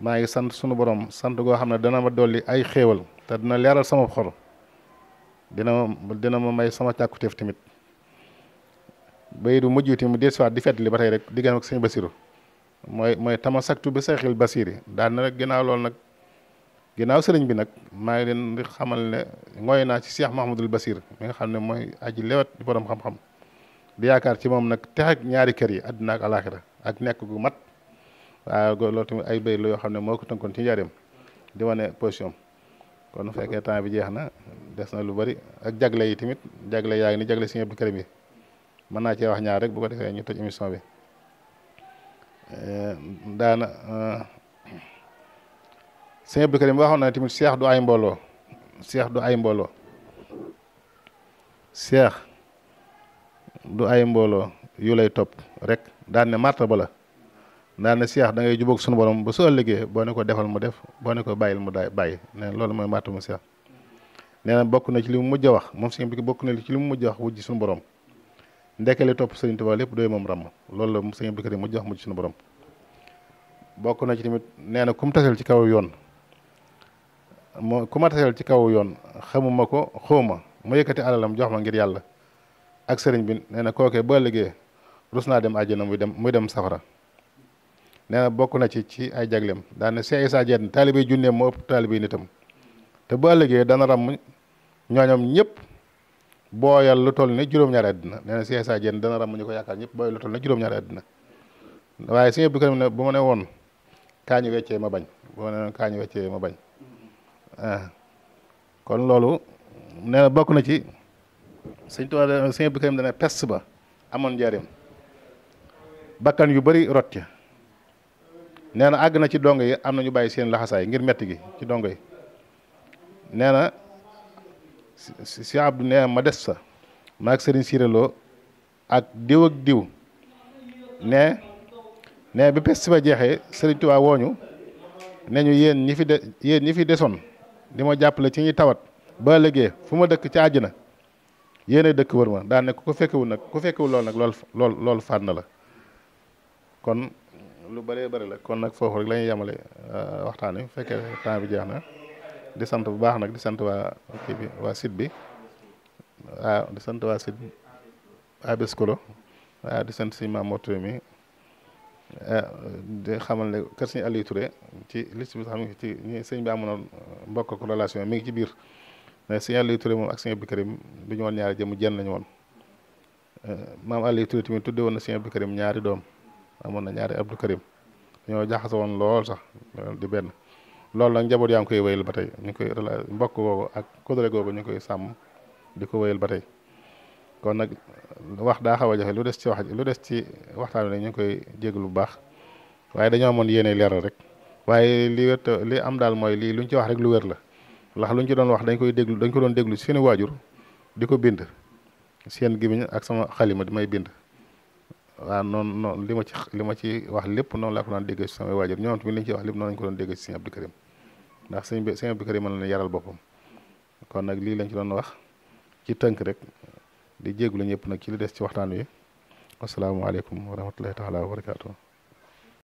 maa ngi sant sunu borom sant goo xam ne dana ma dolli ay xéewal te dina leeral sama xol dina ma dina ma may sama càkkutéef tamit bay du mujj tamit des fois di fetli ba tey rek diggante ak sëñ Basiru mooy mooy tamasaktu bi seexil Basiri daan na rek ginnaaw loolu nag ginnaaw sëriñ bi nag maa ngi leen di xamal ne ngooy naa ci Seex Mahmadul Basir mi nga xam ne mooy aji lewet di borom xam-xam di yaakaar ci moom nag tex ñaari kër yi àddina ak alaaxira ak nekk gu mat waaw loolu tamit ay béy la yoo xam ne moo ko tënkoon ci njaareem di wane position kon bu fekkee temps bi jeex na des na lu bari ak jagle yi tamit jagle yaa ngi jagle Sëriñ du Karim bi mën naa cee wax ñaar rek boo ko defee ñu toj émission bi eh, daana eh, Sëriñ Abdou Karim waxoon na tamit seex du ay mbooloo seex du ay mbooloo seex du ay mbooloo yu lay topp rek daan ne ba la daal ne seex da ngay jubóog sunu borom ba soo liggéey boo ne ko defal mu def boo ne ko bàyyil mu daay bàyyi nee na loolu mooy màttamu seex nee na bokk na ci li mujj a wax moom sëñ bi bokk na ci li mu mujj a wax wujj sunu borom ndekale topp sëriñ Tuubaa lépp doy moom ràmm loolu la sëñ bi di mujj a wax mujj sunu borom bokk na ci tamit nee na ku mu taseel ci kaw yoon mo ku ma taseel ci kaw yoon xamuma ko xawma mu yëkkati mu jox ma ngir yàlla ak sëriñ bi nee na kookee boo liggéey rus naa dem àjjana muy dem muy dem safara nee na bokk na ci ci ay jagleem daan na Cheikh Issa Diène taalibe yi junneem moo ëpp taalibe yi nitam te bu ëllëgee dana ram ñooñam ñëpp booyal lu toll ne juróom-ñaari àddina nee na Cheikh Issa Diène dana ram ñu ko yaakaar ñëpp booyal lu toll ne juróom-ñaari àddina waaye si Abdou Karim ne bu ma ne woon kaañu weccee ma bañ bu ma ne woon kaañu weccee ma bañ ah. kon loolu nee bokk na ci Sëñ Tuubaa Sëñ Abdou Karim dana pest ba amoon njariñ bakkan yu bari rot ca nee na àgg na ci dongo yi am na ñu bàyyi seen laxasaay ngir metti gi ci dongo yi nee na si Abdou nee ma des sa maag sëriñ siiraloo ak diw ak diw nee nee bi pes si ma jeexee sëriñ Tuubaa wooñu nee ñu yéen ñi fi de yéen ñi fi desoon di ma jàppale ci ñi tawat baa léegi fu ma dëkk ci na yéene dëkk wër ma daan ne ku ko fekkewul nag ku fekkewul lool nag lool lool loolu na la kon lu bëree bëri la kon nag foofu rek lañuy ñuy yemale euh, waxtaan wi bu fekkee temps bi jeex na di sant bu baax nag di sant waa kii bi waa bi waaw di sant waa site Abes Kolo waaw di sant si Mamadou Touré mi euh, di ne kër sëñ Aliou ci liste bi mi ngi ci ñi sëñ bi amoon mbokk ak mi ngi ci biir mais sëñ Aliou Touré moom ak sëñ Abdou Karim du ñu woon lañu woon euh, maam Aliou Touré tamit tudde woon ñaari doom. amoon na ñaari Abdou Karim dañoo jaxase woon lool sax di benn loolu nag njaboot yaa ngi koy wéyal ba tey ñu koy mbokk googu ak kódare googu ñu ngi koy sàmm di ko wéyal ba tey kon nag wax daa xaw a jafe lu des ci wax lu des ci waxtaan wi ñu ngi koy jéglu baax waaye dañoo amoon yéene leeral rek waaye li wér li am daal mooy lii luñ ci wax rek lu wér la ndax luñ ci doon wax dañ koy déglu dañ ko doon déglu seeni waajur di ko bind seen gémmiñ ak sama xalima di may bind waaw noonu noonu li ma ci li ma ci wax lépp noonu laa ko doon déggee si sama waajur ñoom tamit li ñu ci wax lépp noonu lañu ko doon déggee si sëñ Karim ndax sëñ bi sëñ Abdou Karim mën na yaral boppam kon nag lii lañ ci doon wax ci tënk rek di jégalu yëpp nag ci li des ci waxtaan wi asalaamaaleykum wa rahmatullahi taala wa barakaatu